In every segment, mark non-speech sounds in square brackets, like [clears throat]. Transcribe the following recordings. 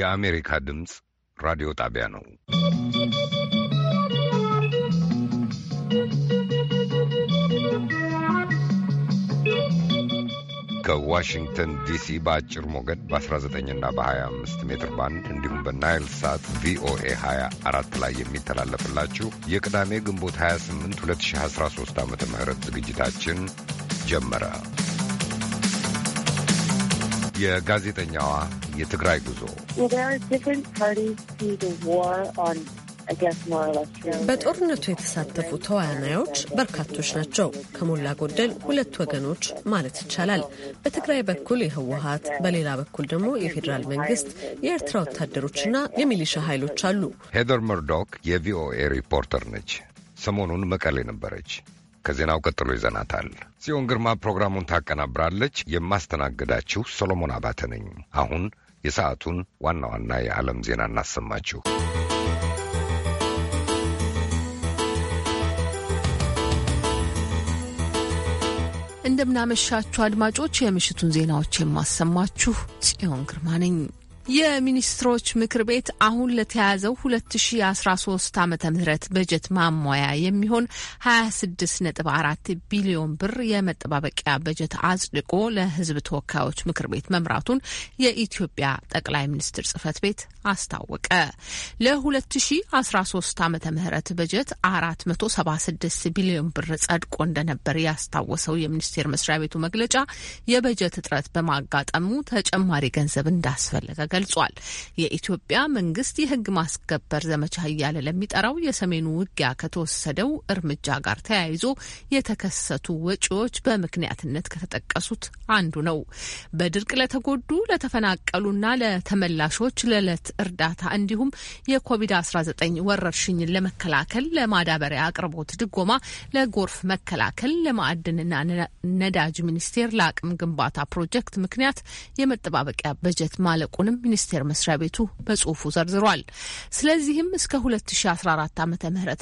የአሜሪካ ድምፅ ራዲዮ ጣቢያ ነው። ከዋሽንግተን ዲሲ በአጭር ሞገድ በ19 እና በ25 ሜትር ባንድ እንዲሁም በናይል ሳት ቪኦኤ 24 ላይ የሚተላለፍላችሁ የቅዳሜ ግንቦት 28 2013 ዓ ም ዝግጅታችን ጀመረ። የጋዜጠኛዋ የትግራይ ጉዞ በጦርነቱ የተሳተፉ ተዋናዮች በርካቶች ናቸው። ከሞላ ጎደል ሁለት ወገኖች ማለት ይቻላል። በትግራይ በኩል የህወሀት፣ በሌላ በኩል ደግሞ የፌዴራል መንግስት፣ የኤርትራ ወታደሮችና የሚሊሻ ኃይሎች አሉ። ሄደር መርዶክ የቪኦኤ ሪፖርተር ነች። ሰሞኑን መቀሌ ነበረች። ከዜናው ቀጥሎ ይዘናታል። ጽዮን ግርማ ፕሮግራሙን ታቀናብራለች። የማስተናግዳችሁ ሰሎሞን አባተ ነኝ። አሁን የሰዓቱን ዋና ዋና የዓለም ዜና እናሰማችሁ። እንደምናመሻችሁ አድማጮች፣ የምሽቱን ዜናዎች የማሰማችሁ ጽዮን ግርማ ነኝ። የሚኒስትሮች ምክር ቤት አሁን ለተያዘው 2013 ዓ ም በጀት ማሟያ የሚሆን 26.4 ቢሊዮን ብር የመጠባበቂያ በጀት አጽድቆ ለሕዝብ ተወካዮች ምክር ቤት መምራቱን የኢትዮጵያ ጠቅላይ ሚኒስትር ጽህፈት ቤት አስታወቀ። ለ2013 ዓ ም በጀት 476 ቢሊዮን ብር ጸድቆ እንደነበር ያስታወሰው የሚኒስቴር መስሪያ ቤቱ መግለጫ የበጀት እጥረት በማጋጠሙ ተጨማሪ ገንዘብ እንዳስፈለገ ገልጿል። የኢትዮጵያ መንግስት የህግ ማስከበር ዘመቻ እያለ ለሚጠራው የሰሜኑ ውጊያ ከተወሰደው እርምጃ ጋር ተያይዞ የተከሰቱ ወጪዎች በምክንያትነት ከተጠቀሱት አንዱ ነው። በድርቅ ለተጎዱ ለተፈናቀሉና ለተመላሾች ለዕለት እርዳታ እንዲሁም የኮቪድ-19 ወረርሽኝን ለመከላከል ለማዳበሪያ አቅርቦት ድጎማ፣ ለጎርፍ መከላከል፣ ለማዕድንና ነዳጅ ሚኒስቴር ለአቅም ግንባታ ፕሮጀክት ምክንያት የመጠባበቂያ በጀት ማለቁንም ሚኒስቴር መስሪያ ቤቱ በጽሁፉ ዘርዝሯል። ስለዚህም እስከ 2014 ዓ ም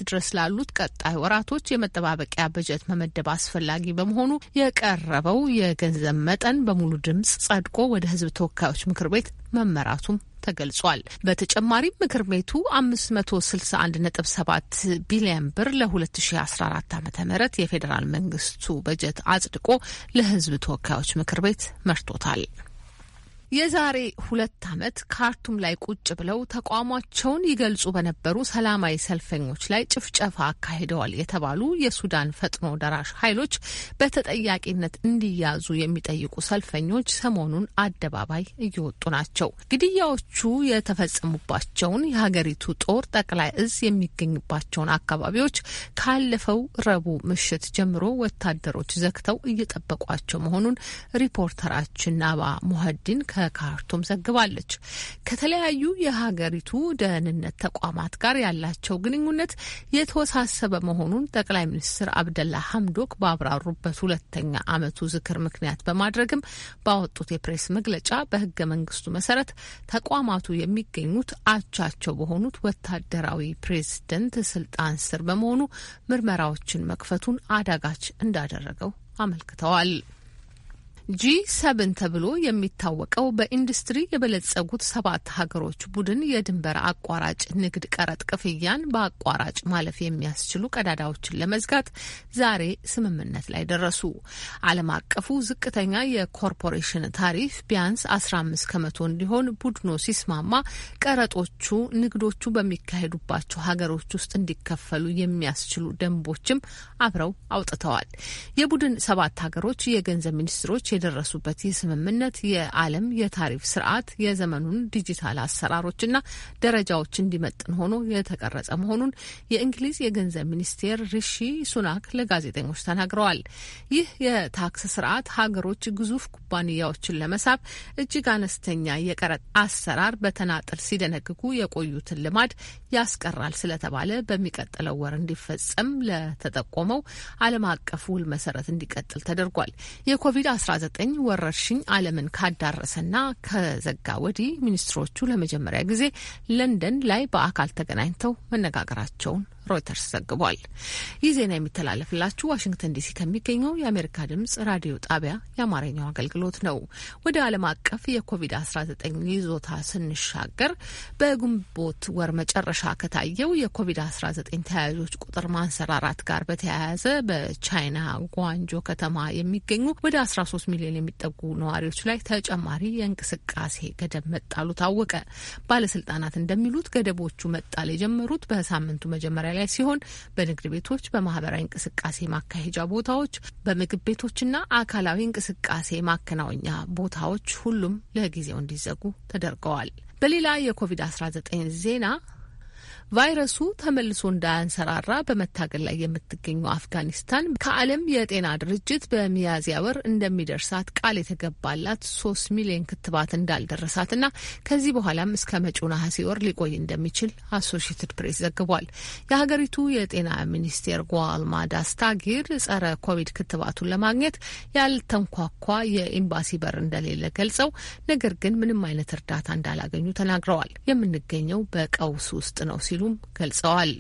ድረስ ላሉት ቀጣይ ወራቶች የመጠባበቂያ በጀት መመደብ አስፈላጊ በመሆኑ የቀረበው የገንዘብ መጠን በሙሉ ድምጽ ጸድቆ ወደ ህዝብ ተወካዮች ምክር ቤት መመራቱም ተገልጿል። በተጨማሪም ምክር ቤቱ 561.7 ቢሊዮን ብር ለ2014 ም የፌዴራል መንግስቱ በጀት አጽድቆ ለህዝብ ተወካዮች ምክር ቤት መርቶታል። የዛሬ ሁለት ዓመት ካርቱም ላይ ቁጭ ብለው ተቋማቸውን ይገልጹ በነበሩ ሰላማዊ ሰልፈኞች ላይ ጭፍጨፋ አካሂደዋል የተባሉ የሱዳን ፈጥኖ ደራሽ ኃይሎች በተጠያቂነት እንዲያዙ የሚጠይቁ ሰልፈኞች ሰሞኑን አደባባይ እየወጡ ናቸው። ግድያዎቹ የተፈጸሙባቸውን የሀገሪቱ ጦር ጠቅላይ እዝ የሚገኝባቸውን አካባቢዎች ካለፈው ረቡዕ ምሽት ጀምሮ ወታደሮች ዘግተው እየጠበቋቸው መሆኑን ሪፖርተራችን ናባ ሙሀዲን ከ ከካርቱም ዘግባለች። ከተለያዩ የሀገሪቱ ደህንነት ተቋማት ጋር ያላቸው ግንኙነት የተወሳሰበ መሆኑን ጠቅላይ ሚኒስትር አብደላ ሀምዶክ ባብራሩበት ሁለተኛ ዓመቱ ዝክር ምክንያት በማድረግም ባወጡት የፕሬስ መግለጫ በህገ መንግስቱ መሰረት ተቋማቱ የሚገኙት አቻቸው በሆኑት ወታደራዊ ፕሬዝደንት ስልጣን ስር በመሆኑ ምርመራዎችን መክፈቱን አዳጋች እንዳደረገው አመልክተዋል። ጂ ሰብን ተብሎ የሚታወቀው በኢንዱስትሪ የበለጸጉት ሰባት ሀገሮች ቡድን የድንበር አቋራጭ ንግድ ቀረጥ ክፍያን በአቋራጭ ማለፍ የሚያስችሉ ቀዳዳዎችን ለመዝጋት ዛሬ ስምምነት ላይ ደረሱ። ዓለም አቀፉ ዝቅተኛ የኮርፖሬሽን ታሪፍ ቢያንስ 15 ከመቶ እንዲሆን ቡድኑ ሲስማማ ቀረጦቹ ንግዶቹ በሚካሄዱባቸው ሀገሮች ውስጥ እንዲከፈሉ የሚያስችሉ ደንቦችም አብረው አውጥተዋል። የቡድን ሰባት ሀገሮች የገንዘብ ሚኒስትሮች የደረሱበት ይህ ስምምነት የዓለም የታሪፍ ስርዓት የዘመኑን ዲጂታል አሰራሮችና ደረጃዎች እንዲመጥን ሆኖ የተቀረጸ መሆኑን የእንግሊዝ የገንዘብ ሚኒስቴር ሪሺ ሱናክ ለጋዜጠኞች ተናግረዋል። ይህ የታክስ ስርዓት ሀገሮች ግዙፍ ኩባንያዎችን ለመሳብ እጅግ አነስተኛ የቀረጥ አሰራር በተናጥል ሲደነግጉ የቆዩትን ልማድ ያስቀራል ስለተባለ በሚቀጥለው ወር እንዲፈጸም ለተጠቆመው ዓለም አቀፍ ውል መሰረት እንዲቀጥል ተደርጓል። የኮቪድ-19 ኮቪድ ወረርሽኝ ዓለምን ካዳረሰና ከዘጋ ወዲህ ሚኒስትሮቹ ለመጀመሪያ ጊዜ ለንደን ላይ በአካል ተገናኝተው መነጋገራቸውን ሮይተርስ ዘግቧል። ይህ ዜና የሚተላለፍላችሁ ዋሽንግተን ዲሲ ከሚገኘው የአሜሪካ ድምጽ ራዲዮ ጣቢያ የአማርኛው አገልግሎት ነው። ወደ ዓለም አቀፍ የኮቪድ-19 ይዞታ ስንሻገር በግንቦት ወር መጨረሻ ከታየው የኮቪድ-19 ተያያዦች ቁጥር ማንሰራራት ጋር በተያያዘ በቻይና ጓንጆ ከተማ የሚገኙ ወደ 13 ሚሊዮን የሚጠጉ ነዋሪዎች ላይ ተጨማሪ የእንቅስቃሴ ገደብ መጣሉ ታወቀ። ባለስልጣናት እንደሚሉት ገደቦቹ መጣል የጀመሩት በሳምንቱ መጀመሪያ ላይ ሲሆን በንግድ ቤቶች፣ በማህበራዊ እንቅስቃሴ ማካሄጃ ቦታዎች፣ በምግብ ቤቶችና አካላዊ እንቅስቃሴ ማከናወኛ ቦታዎች ሁሉም ለጊዜው እንዲዘጉ ተደርገዋል። በሌላ የኮቪድ-19 ዜና ቫይረሱ ተመልሶ እንዳያንሰራራ በመታገል ላይ የምትገኘው አፍጋኒስታን ከዓለም የጤና ድርጅት በሚያዝያ ወር እንደሚደርሳት ቃል የተገባላት ሶስት ሚሊዮን ክትባት እንዳልደረሳትና ከዚህ በኋላም እስከ መጪው ነሐሴ ወር ሊቆይ እንደሚችል አሶሽትድ ፕሬስ ዘግቧል። የሀገሪቱ የጤና ሚኒስቴር ጓልማ ዳስታጊር ጸረ ኮቪድ ክትባቱን ለማግኘት ያልተንኳኳ የኤምባሲ በር እንደሌለ ገልጸው ነገር ግን ምንም አይነት እርዳታ እንዳላገኙ ተናግረዋል። የምንገኘው በቀውስ ውስጥ ነው ሲሉም ገልጸዋል።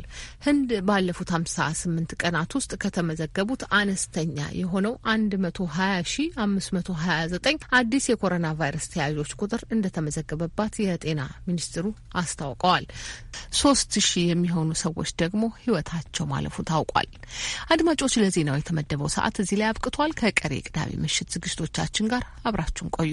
ህንድ ባለፉት 58 ቀናት ውስጥ ከተመዘገቡት አነስተኛ የሆነው 120529 አዲስ የኮሮና ቫይረስ ተያዦች ቁጥር እንደተመዘገበባት የጤና ሚኒስትሩ አስታውቀዋል። ሶስት ሺህ የሚሆኑ ሰዎች ደግሞ ህይወታቸው ማለፉ ታውቋል። አድማጮች፣ ለዜናው የተመደበው ሰዓት እዚህ ላይ አብቅቷል። ከቀሪ ቅዳሜ ምሽት ዝግጅቶቻችን ጋር አብራችሁን ቆዩ።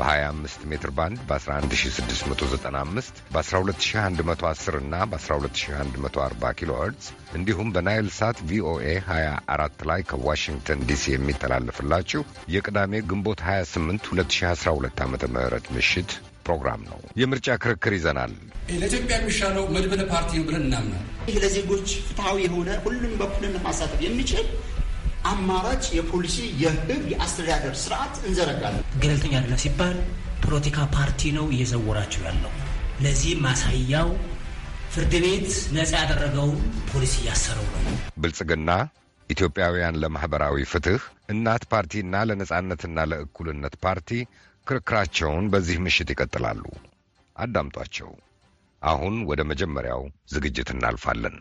በ25 ሜትር ባንድ በ11695 በ12110 እና በ12140 ኪሎ እንዲሁም በናይል ሳት ቪኦኤ 24 ላይ ከዋሽንግተን ዲሲ የሚተላለፍላችሁ የቅዳሜ ግንቦት 28 2012 ዓ ም ምሽት ፕሮግራም ነው። የምርጫ ክርክር ይዘናል። ለኢትዮጵያ የሚሻለው መድበለ ፓርቲ ብለን እናምናል። ይህ ለዜጎች ፍትሐዊ የሆነ ሁሉም በኩልን ማሳተፍ የሚችል አማራጭ የፖሊሲ የህግ የአስተዳደር ስርዓት እንዘረጋለን። ገለልተኛ አይደለም ሲባል ፖለቲካ ፓርቲ ነው እየዘወራቸው ያለው። ለዚህ ማሳያው ፍርድ ቤት ነጻ ያደረገው ፖሊሲ እያሰረው ነው። ብልጽግና ኢትዮጵያውያን ለማኅበራዊ ፍትሕ እናት ፓርቲና ለነጻነትና ለእኩልነት ፓርቲ ክርክራቸውን በዚህ ምሽት ይቀጥላሉ። አዳምጧቸው። አሁን ወደ መጀመሪያው ዝግጅት እናልፋለን።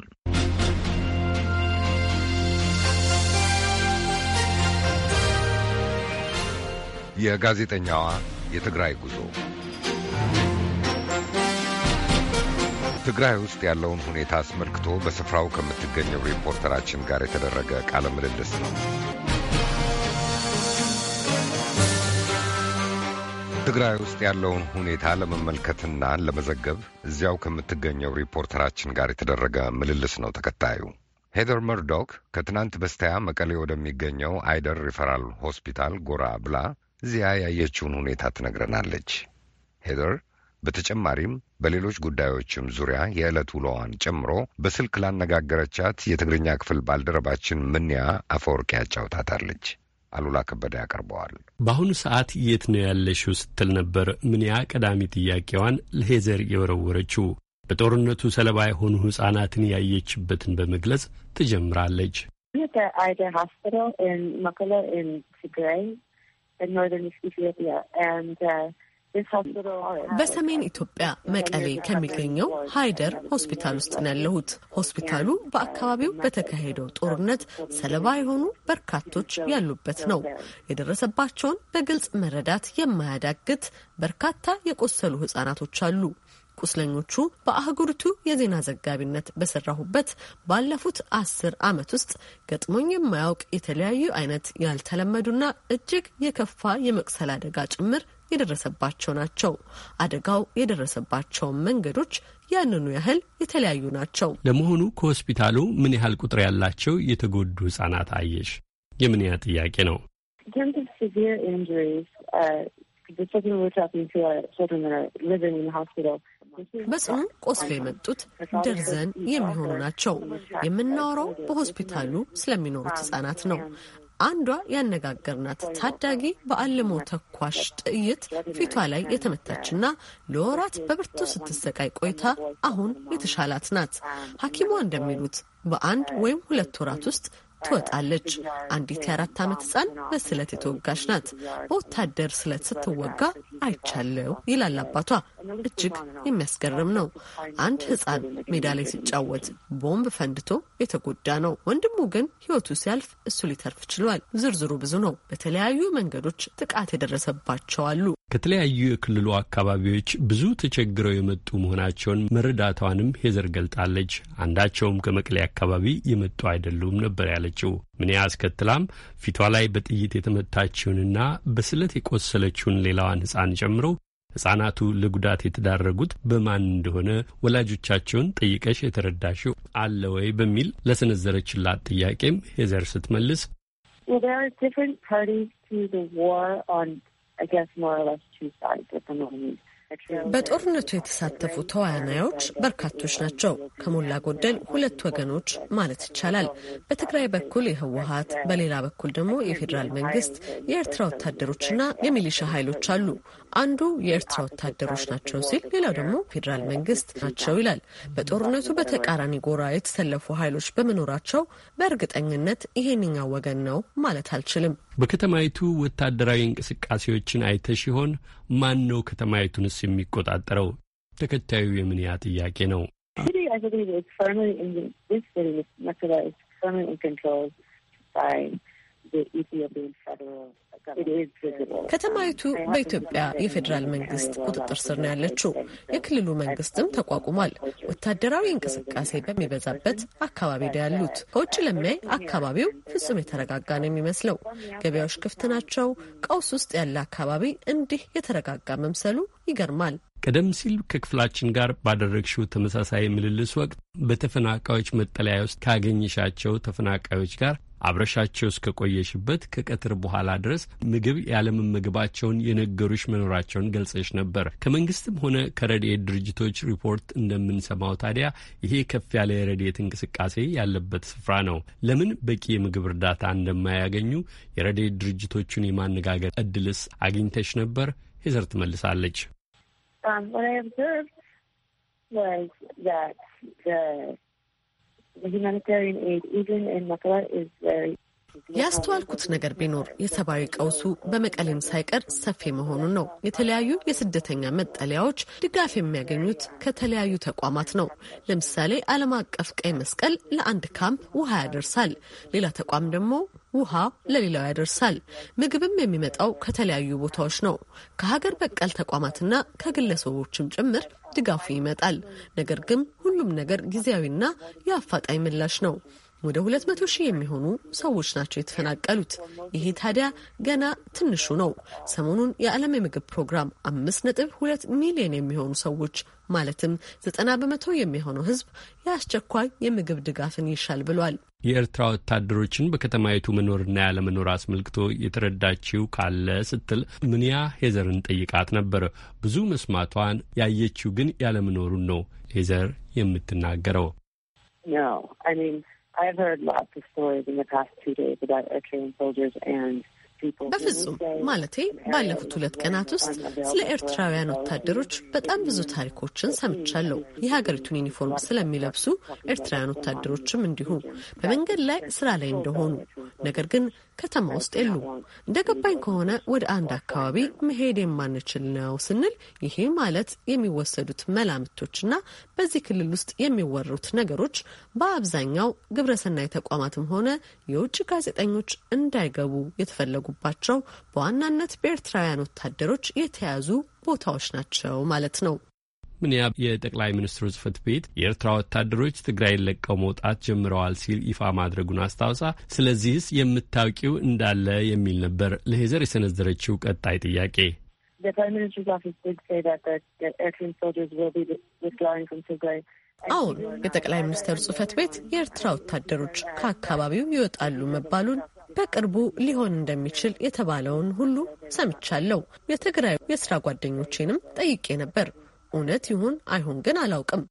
የጋዜጠኛዋ የትግራይ ጉዞ ትግራይ ውስጥ ያለውን ሁኔታ አስመልክቶ በስፍራው ከምትገኘው ሪፖርተራችን ጋር የተደረገ ቃለ ምልልስ ነው። ትግራይ ውስጥ ያለውን ሁኔታ ለመመልከትና ለመዘገብ እዚያው ከምትገኘው ሪፖርተራችን ጋር የተደረገ ምልልስ ነው ተከታዩ። ሄደር መርዶክ ከትናንት በስቲያ መቀሌ ወደሚገኘው አይደር ሪፈራል ሆስፒታል ጎራ ብላ እዚያ ያየችውን ሁኔታ ትነግረናለች። ሄደር በተጨማሪም በሌሎች ጉዳዮችም ዙሪያ የዕለት ውሎዋን ጨምሮ በስልክ ላነጋገረቻት የትግርኛ ክፍል ባልደረባችን ምንያ አፈወርቅ ያጫውታታለች። አሉላ ከበደ ያቀርበዋል። በአሁኑ ሰዓት የት ነው ያለሽው ስትል ነበር ምንያ ቀዳሚ ጥያቄዋን ለሄዘር የወረወረችው። በጦርነቱ ሰለባ የሆኑ ሕፃናትን ያየችበትን በመግለጽ ትጀምራለች። Uh, በሰሜን ኢትዮጵያ መቀሌ ከሚገኘው ሃይደር ሆስፒታል ውስጥ ነው ያለሁት። ሆስፒታሉ በአካባቢው በተካሄደው ጦርነት ሰለባ የሆኑ በርካቶች ያሉበት ነው። የደረሰባቸውን በግልጽ መረዳት የማያዳግት በርካታ የቆሰሉ ህጻናቶች አሉ። ቁስለኞቹ በአህጉሪቱ የዜና ዘጋቢነት በሰራሁበት ባለፉት አስር ዓመት ውስጥ ገጥሞኝ የማያውቅ የተለያዩ አይነት ያልተለመዱና እጅግ የከፋ የመቅሰል አደጋ ጭምር የደረሰባቸው ናቸው። አደጋው የደረሰባቸውን መንገዶች ያንኑ ያህል የተለያዩ ናቸው። ለመሆኑ ከሆስፒታሉ ምን ያህል ቁጥር ያላቸው የተጎዱ ህጻናት አየሽ? የምንያ ጥያቄ ነው። በጽኑ ቆስሎ የመጡት ደርዘን የሚሆኑ ናቸው። የምናወራው በሆስፒታሉ ስለሚኖሩት ህጻናት ነው። አንዷ ያነጋገርናት ታዳጊ በአልሞ ተኳሽ ጥይት ፊቷ ላይ የተመታችና ለወራት በብርቱ ስትሰቃይ ቆይታ አሁን የተሻላት ናት። ሐኪሟ እንደሚሉት በአንድ ወይም ሁለት ወራት ውስጥ ትወጣለች። አንዲት የአራት ዓመት ህፃን በስለት የተወጋች ናት። በወታደር ስለት ስትወጋ አይቻለው ይላል አባቷ። እጅግ የሚያስገርም ነው። አንድ ህፃን ሜዳ ላይ ሲጫወት ቦምብ ፈንድቶ የተጎዳ ነው። ወንድሙ ግን ህይወቱ ሲያልፍ እሱ ሊተርፍ ችሏል። ዝርዝሩ ብዙ ነው። በተለያዩ መንገዶች ጥቃት የደረሰባቸው አሉ። ከተለያዩ የክልሉ አካባቢዎች ብዙ ተቸግረው የመጡ መሆናቸውን መረዳቷንም ሄዘር ገልጣለች። አንዳቸውም ከመቀሌ አካባቢ የመጡ አይደሉም ነበር ያለች አለችው። ምን ያስከትላም ፊቷ ላይ በጥይት የተመታችውንና በስለት የቆሰለችውን ሌላዋን ሕፃን ጨምሮ ሕፃናቱ ለጉዳት የተዳረጉት በማን እንደሆነ ወላጆቻቸውን ጠይቀሽ የተረዳሽው አለ ወይ በሚል ለሰነዘረችላት ጥያቄም ሄዘር ስትመልስ በጦርነቱ የተሳተፉ ተዋናዮች በርካቶች ናቸው። ከሞላ ጎደል ሁለት ወገኖች ማለት ይቻላል። በትግራይ በኩል የህወሀት፣ በሌላ በኩል ደግሞ የፌዴራል መንግስት፣ የኤርትራ ወታደሮችና የሚሊሻ ኃይሎች አሉ። አንዱ የኤርትራ ወታደሮች ናቸው ሲል፣ ሌላው ደግሞ ፌዴራል መንግስት ናቸው ይላል። በጦርነቱ በተቃራኒ ጎራ የተሰለፉ ኃይሎች በመኖራቸው በእርግጠኝነት ይሄንኛው ወገን ነው ማለት አልችልም። በከተማይቱ ወታደራዊ እንቅስቃሴዎችን አይተሽ ይሆን? ማን ነው ከተማይቱንስ የሚቆጣጠረው? ተከታዩ የምንያ ጥያቄ ነው። ከተማይቱ በኢትዮጵያ የፌዴራል መንግስት ቁጥጥር ስር ነው ያለችው። የክልሉ መንግስትም ተቋቁሟል። ወታደራዊ እንቅስቃሴ በሚበዛበት አካባቢ ነው ያሉት። ከውጭ ለሚያይ አካባቢው ፍጹም የተረጋጋ ነው የሚመስለው። ገበያዎች ክፍት ናቸው። ቀውስ ውስጥ ያለ አካባቢ እንዲህ የተረጋጋ መምሰሉ ይገርማል። ቀደም ሲል ከክፍላችን ጋር ባደረግሽው ተመሳሳይ ምልልስ ወቅት በተፈናቃዮች መጠለያ ውስጥ ካገኘሻቸው ተፈናቃዮች ጋር አብረሻቸው እስከ ቆየሽበት ከቀትር በኋላ ድረስ ምግብ ያለመመግባቸውን የነገሩሽ መኖራቸውን ገልጸሽ ነበር። ከመንግስትም ሆነ ከረድኤት ድርጅቶች ሪፖርት እንደምንሰማው ታዲያ ይሄ ከፍ ያለ የረድኤት እንቅስቃሴ ያለበት ስፍራ ነው። ለምን በቂ የምግብ እርዳታ እንደማያገኙ የረድኤት ድርጅቶቹን የማነጋገር እድልስ አግኝተሽ ነበር? ሄዘር ትመልሳለች። um, the humanitarian aid, even in Makala, is very ያስተዋልኩት ነገር ቢኖር የሰብአዊ ቀውሱ በመቀሌም ሳይቀር ሰፊ መሆኑን ነው። የተለያዩ የስደተኛ መጠለያዎች ድጋፍ የሚያገኙት ከተለያዩ ተቋማት ነው። ለምሳሌ ዓለም አቀፍ ቀይ መስቀል ለአንድ ካምፕ ውሃ ያደርሳል። ሌላ ተቋም ደግሞ ውሃ ለሌላው ያደርሳል። ምግብም የሚመጣው ከተለያዩ ቦታዎች ነው። ከሀገር በቀል ተቋማትና ከግለሰቦችም ጭምር ድጋፉ ይመጣል። ነገር ግን ሁሉም ነገር ጊዜያዊና የአፋጣኝ ምላሽ ነው። ወደ 200 ሺህ የሚሆኑ ሰዎች ናቸው የተፈናቀሉት። ይሄ ታዲያ ገና ትንሹ ነው። ሰሞኑን የዓለም የምግብ ፕሮግራም 5.2 ሚሊዮን የሚሆኑ ሰዎች ማለትም 90 በመቶ የሚሆነው ሕዝብ የአስቸኳይ የምግብ ድጋፍን ይሻል ብሏል። የኤርትራ ወታደሮችን በከተማይቱ መኖርና ያለመኖር አስመልክቶ የተረዳችው ካለ ስትል ምንያ ሄዘርን ጠይቃት ነበር። ብዙ መስማቷን ያየችው ግን ያለመኖሩን ነው ሄዘር የምትናገረው። በፍጹም ማለቴ ባለፉት ሁለት ቀናት ውስጥ ስለ ኤርትራውያን ወታደሮች በጣም ብዙ ታሪኮችን ሰምቻለሁ። የሀገሪቱን ዩኒፎርም ስለሚለብሱ ኤርትራውያን ወታደሮችም እንዲሁ በመንገድ ላይ ስራ ላይ እንደሆኑ ነገር ግን ከተማ ውስጥ የሉም። እንደ ገባኝ ከሆነ ወደ አንድ አካባቢ መሄድ የማንችል ነው ስንል ይሄ ማለት የሚወሰዱት መላምቶችና በዚህ ክልል ውስጥ የሚወሩት ነገሮች በአብዛኛው ግብረሰናይ ተቋማትም ሆነ የውጭ ጋዜጠኞች እንዳይገቡ የተፈለጉባቸው በዋናነት በኤርትራውያን ወታደሮች የተያዙ ቦታዎች ናቸው ማለት ነው። ምንያ የጠቅላይ ሚኒስትሩ ጽህፈት ቤት የኤርትራ ወታደሮች ትግራይን ለቀው መውጣት ጀምረዋል ሲል ይፋ ማድረጉን አስታውሳ፣ ስለዚህስ የምታውቂው እንዳለ የሚል ነበር ለሄዘር የሰነዘረችው ቀጣይ ጥያቄ። አሁን የጠቅላይ ሚኒስትሩ ጽህፈት ቤት የኤርትራ ወታደሮች ከአካባቢው ይወጣሉ መባሉን በቅርቡ ሊሆን እንደሚችል የተባለውን ሁሉ ሰምቻለሁ። የትግራይ የስራ ጓደኞቼንም ጠይቄ ነበር። እውነት ይሁን አይሁን ግን አላውቅም።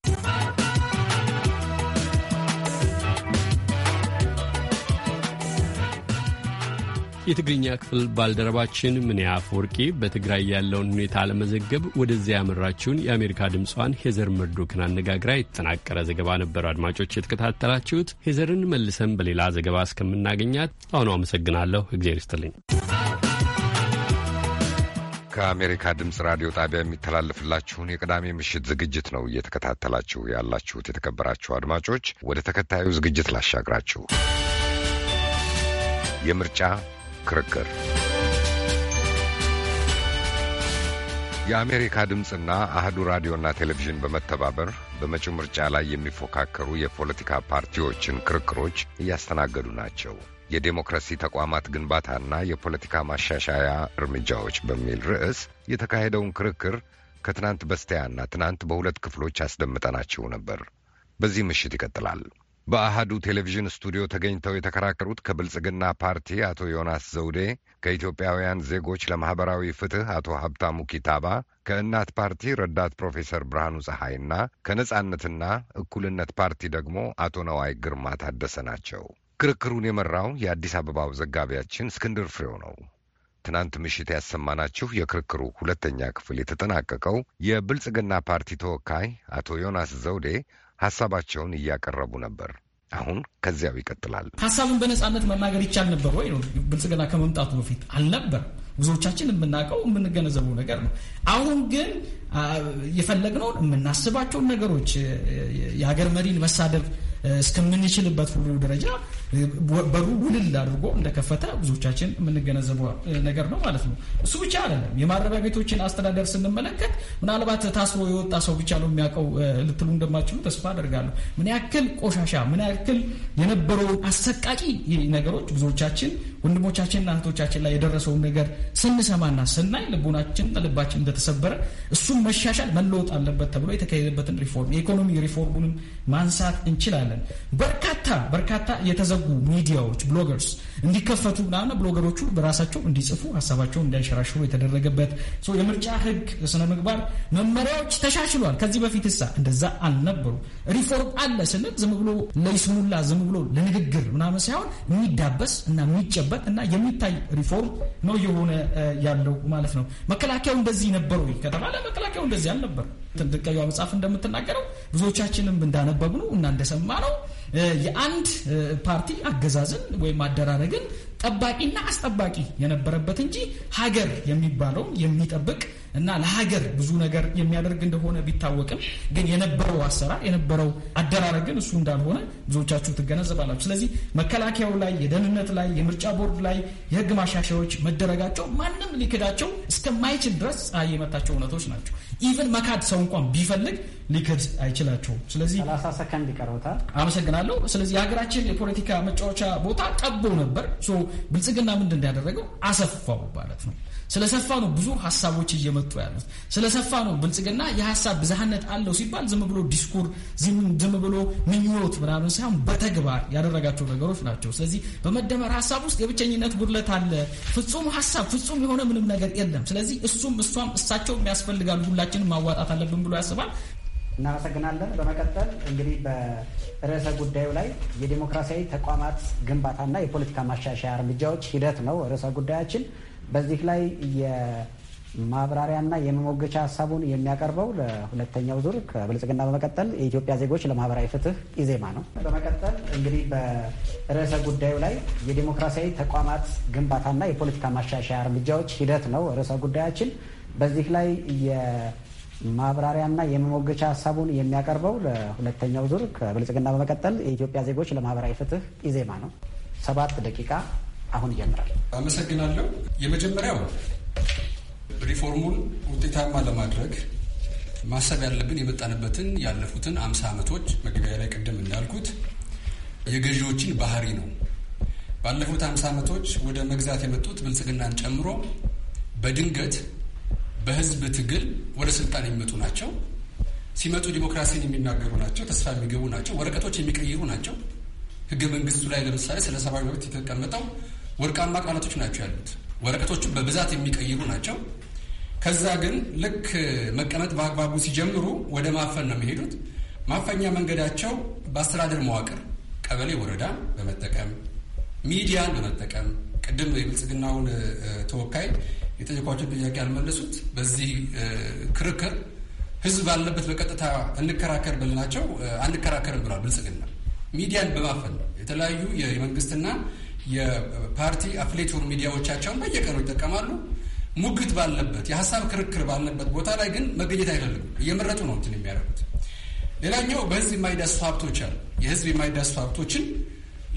የትግርኛ ክፍል ባልደረባችን ምንያ አፈወርቂ በትግራይ ያለውን ሁኔታ ለመዘገብ ወደዚያ ያመራችውን የአሜሪካ ድምጿን ሄዘር መርዶክን አነጋግራ የተጠናቀረ ዘገባ ነበር። አድማጮች የተከታተላችሁት። ሄዘርን መልሰን በሌላ ዘገባ እስከምናገኛት አሁኑ አመሰግናለሁ። እግዜር ይስጥልኝ። ከአሜሪካ ድምፅ ራዲዮ ጣቢያ የሚተላለፍላችሁን የቅዳሜ ምሽት ዝግጅት ነው እየተከታተላችሁ ያላችሁት። የተከበራችሁ አድማጮች፣ ወደ ተከታዩ ዝግጅት ላሻግራችሁ። የምርጫ ክርክር የአሜሪካ ድምፅና አህዱ ራዲዮና ቴሌቪዥን በመተባበር በመጪው ምርጫ ላይ የሚፎካከሩ የፖለቲካ ፓርቲዎችን ክርክሮች እያስተናገዱ ናቸው። የዴሞክራሲ ተቋማት ግንባታና የፖለቲካ ማሻሻያ እርምጃዎች በሚል ርዕስ የተካሄደውን ክርክር ከትናንት በስቲያና ትናንት በሁለት ክፍሎች አስደምጠናችሁ ነበር። በዚህ ምሽት ይቀጥላል። በአሃዱ ቴሌቪዥን ስቱዲዮ ተገኝተው የተከራከሩት ከብልጽግና ፓርቲ አቶ ዮናስ ዘውዴ፣ ከኢትዮጵያውያን ዜጎች ለማኅበራዊ ፍትሕ አቶ ሀብታሙ ኪታባ፣ ከእናት ፓርቲ ረዳት ፕሮፌሰር ብርሃኑ ፀሐይና ከነጻነትና እኩልነት ፓርቲ ደግሞ አቶ ነዋይ ግርማ ታደሰ ናቸው። ክርክሩን የመራው የአዲስ አበባው ዘጋቢያችን እስክንድር ፍሬው ነው። ትናንት ምሽት ያሰማናችሁ የክርክሩ ሁለተኛ ክፍል የተጠናቀቀው የብልጽግና ፓርቲ ተወካይ አቶ ዮናስ ዘውዴ ሀሳባቸውን እያቀረቡ ነበር። አሁን ከዚያው ይቀጥላል። ሀሳቡን በነፃነት መናገር ይቻል ነበር ወይ? ነው ብልጽግና ከመምጣቱ በፊት አልነበር። ብዙዎቻችን የምናውቀው የምንገነዘበው ነገር ነው። አሁን ግን የፈለግነውን የምናስባቸውን ነገሮች የሀገር መሪን መሳደብ እስከምንችልበት ሁሉ ደረጃ በሩ ውልል አድርጎ እንደከፈተ ብዙዎቻችን የምንገነዘበው ነገር ነው ማለት ነው። እሱ ብቻ አይደለም። የማረቢያ ቤቶችን አስተዳደር ስንመለከት ምናልባት ታስሮ የወጣ ሰው ብቻ ነው የሚያውቀው ልትሉ እንደማችሉ ተስፋ አደርጋለሁ። ምን ያክል ቆሻሻ፣ ምን ያክል የነበረው አሰቃቂ ነገሮች ብዙዎቻችን ወንድሞቻችንና እህቶቻችን ላይ የደረሰውን ነገር ስንሰማና ስናይ ልቡናችን ልባችን እንደተሰበረ እሱም መሻሻል መለወጥ አለበት ተብሎ የተካሄደበትን ሪፎርም የኢኮኖሚ ሪፎርሙንም ማንሳት እንችላለን። በርካታ በርካታ የተዘጉ ሚዲያዎች ብሎገርስ እንዲከፈቱ ምናምን ብሎገሮቹ በራሳቸው እንዲጽፉ ሀሳባቸው እንዲያንሸራሽሩ የተደረገበት የምርጫ ህግ፣ ስነ ምግባር መመሪያዎች ተሻሽሏል። ከዚህ በፊት ሳ እንደዛ አልነበሩ። ሪፎርም አለ ስንል ዝም ብሎ ለይስሙላ ዝም ብሎ ለንግግር ምናምን ሳይሆን የሚዳበስ እና የሚጨበ የሚደመጥ እና የሚታይ ሪፎርም ነው የሆነ ያለው ማለት ነው። መከላከያው እንደዚህ ነበር ወይ ከተባለ መከላከያው እንደዚህ አልነበር። ትንድቀዩ መጽሐፍ እንደምትናገረው ብዙዎቻችንም እንዳነበብነው እና እንደሰማነው የአንድ ፓርቲ አገዛዝን ወይም አደራረግን ጠባቂና አስጠባቂ የነበረበት እንጂ ሀገር የሚባለው የሚጠብቅ እና ለሀገር ብዙ ነገር የሚያደርግ እንደሆነ ቢታወቅም ግን የነበረው አሰራር የነበረው አደራረግ ግን እሱ እንዳልሆነ ብዙዎቻችሁ ትገነዘባላችሁ። ስለዚህ መከላከያው ላይ፣ የደህንነት ላይ፣ የምርጫ ቦርድ ላይ የህግ ማሻሻያዎች መደረጋቸው ማንም ሊክዳቸው እስከማይችል ድረስ ፀሐይ የመታቸው እውነቶች ናቸው። ኢቨን መካድ ሰው እንኳን ቢፈልግ ሊክድ አይችላቸውም። ስለዚህ ሰላሳ ሰከንድ ይቀረውታል። አመሰግናለሁ። ስለዚህ የሀገራችን የፖለቲካ መጫወቻ ቦታ ጠቦ ነበር። ብልጽግና ምንድን እንዳደረገው አሰፋው ማለት ነው። ስለሰፋ ነው ብዙ ሀሳቦች እየመጡ ያሉት። ስለሰፋ ነው ብልጽግና የሀሳብ ብዝሃነት አለው ሲባል ዝም ብሎ ዲስኩር፣ ዝም ብሎ ምኞት ምናምን ሳይሆን በተግባር ያደረጋቸው ነገሮች ናቸው። ስለዚህ በመደመር ሀሳብ ውስጥ የብቸኝነት ጉድለት አለ። ፍጹም ሀሳብ ፍጹም የሆነ ምንም ነገር የለም። ስለዚህ እሱም እሷም እሳቸውም ያስፈልጋሉ። ሁላችንም ማዋጣት አለብን ብሎ ያስባል። እናመሰግናለን። በመቀጠል እንግዲህ በርዕሰ ጉዳዩ ላይ የዲሞክራሲያዊ ተቋማት ግንባታና የፖለቲካ ማሻሻያ እርምጃዎች ሂደት ነው ርዕሰ ጉዳያችን። በዚህ ላይ የማብራሪያና የመሞገቻ ሀሳቡን የሚያቀርበው ለሁለተኛው ዙር ከብልጽግና በመቀጠል የኢትዮጵያ ዜጎች ለማህበራዊ ፍትህ ኢዜማ ነው። በመቀጠል እንግዲህ በርዕሰ ጉዳዩ ላይ የዲሞክራሲያዊ ተቋማት ግንባታና የፖለቲካ ማሻሻያ እርምጃዎች ሂደት ነው ርዕሰ ጉዳያችን። በዚህ ላይ ማብራሪያና የመሞገቻ ሀሳቡን የሚያቀርበው ለሁለተኛው ዙር ከብልጽግና በመቀጠል የኢትዮጵያ ዜጎች ለማህበራዊ ፍትህ ኢዜማ ነው። ሰባት ደቂቃ አሁን ይጀምራል። አመሰግናለሁ። የመጀመሪያው ሪፎርሙን ውጤታማ ለማድረግ ማሰብ ያለብን የመጣንበትን ያለፉትን አምሳ ዓመቶች መግቢያ ላይ ቅድም እንዳልኩት የገዢዎችን ባህሪ ነው። ባለፉት አምሳ ዓመቶች ወደ መግዛት የመጡት ብልጽግናን ጨምሮ በድንገት በህዝብ ትግል ወደ ስልጣን የሚመጡ ናቸው። ሲመጡ ዲሞክራሲን የሚናገሩ ናቸው። ተስፋ የሚገቡ ናቸው። ወረቀቶች የሚቀይሩ ናቸው። ህገ መንግስቱ ላይ ለምሳሌ ስለ ሰብአዊ መብት የተቀመጠው ወርቃማ ቃላቶች ናቸው ያሉት። ወረቀቶቹ በብዛት የሚቀይሩ ናቸው። ከዛ ግን ልክ መቀመጥ በአግባቡ ሲጀምሩ ወደ ማፈን ነው የሚሄዱት። ማፈኛ መንገዳቸው በአስተዳደር መዋቅር ቀበሌ፣ ወረዳ በመጠቀም ሚዲያን በመጠቀም ቅድም የብልጽግናውን ተወካይ የጠየቋቸውን ጥያቄ ያልመለሱት በዚህ ክርክር ህዝብ ባለበት በቀጥታ እንከራከር ብልናቸው አንከራከርም ብሏል። ብልጽግና ሚዲያን በማፈን የተለያዩ የመንግስትና የፓርቲ አፍሌቶር ሚዲያዎቻቸውን በየቀኑ ይጠቀማሉ። ሙግት ባለበት የሀሳብ ክርክር ባለበት ቦታ ላይ ግን መገኘት አይፈልጉም። እየመረጡ ነው እንትን የሚያደርጉት። ሌላኛው በህዝብ የማይዳሱ ሀብቶች አሉ። የህዝብ የማይዳሱ ሀብቶችን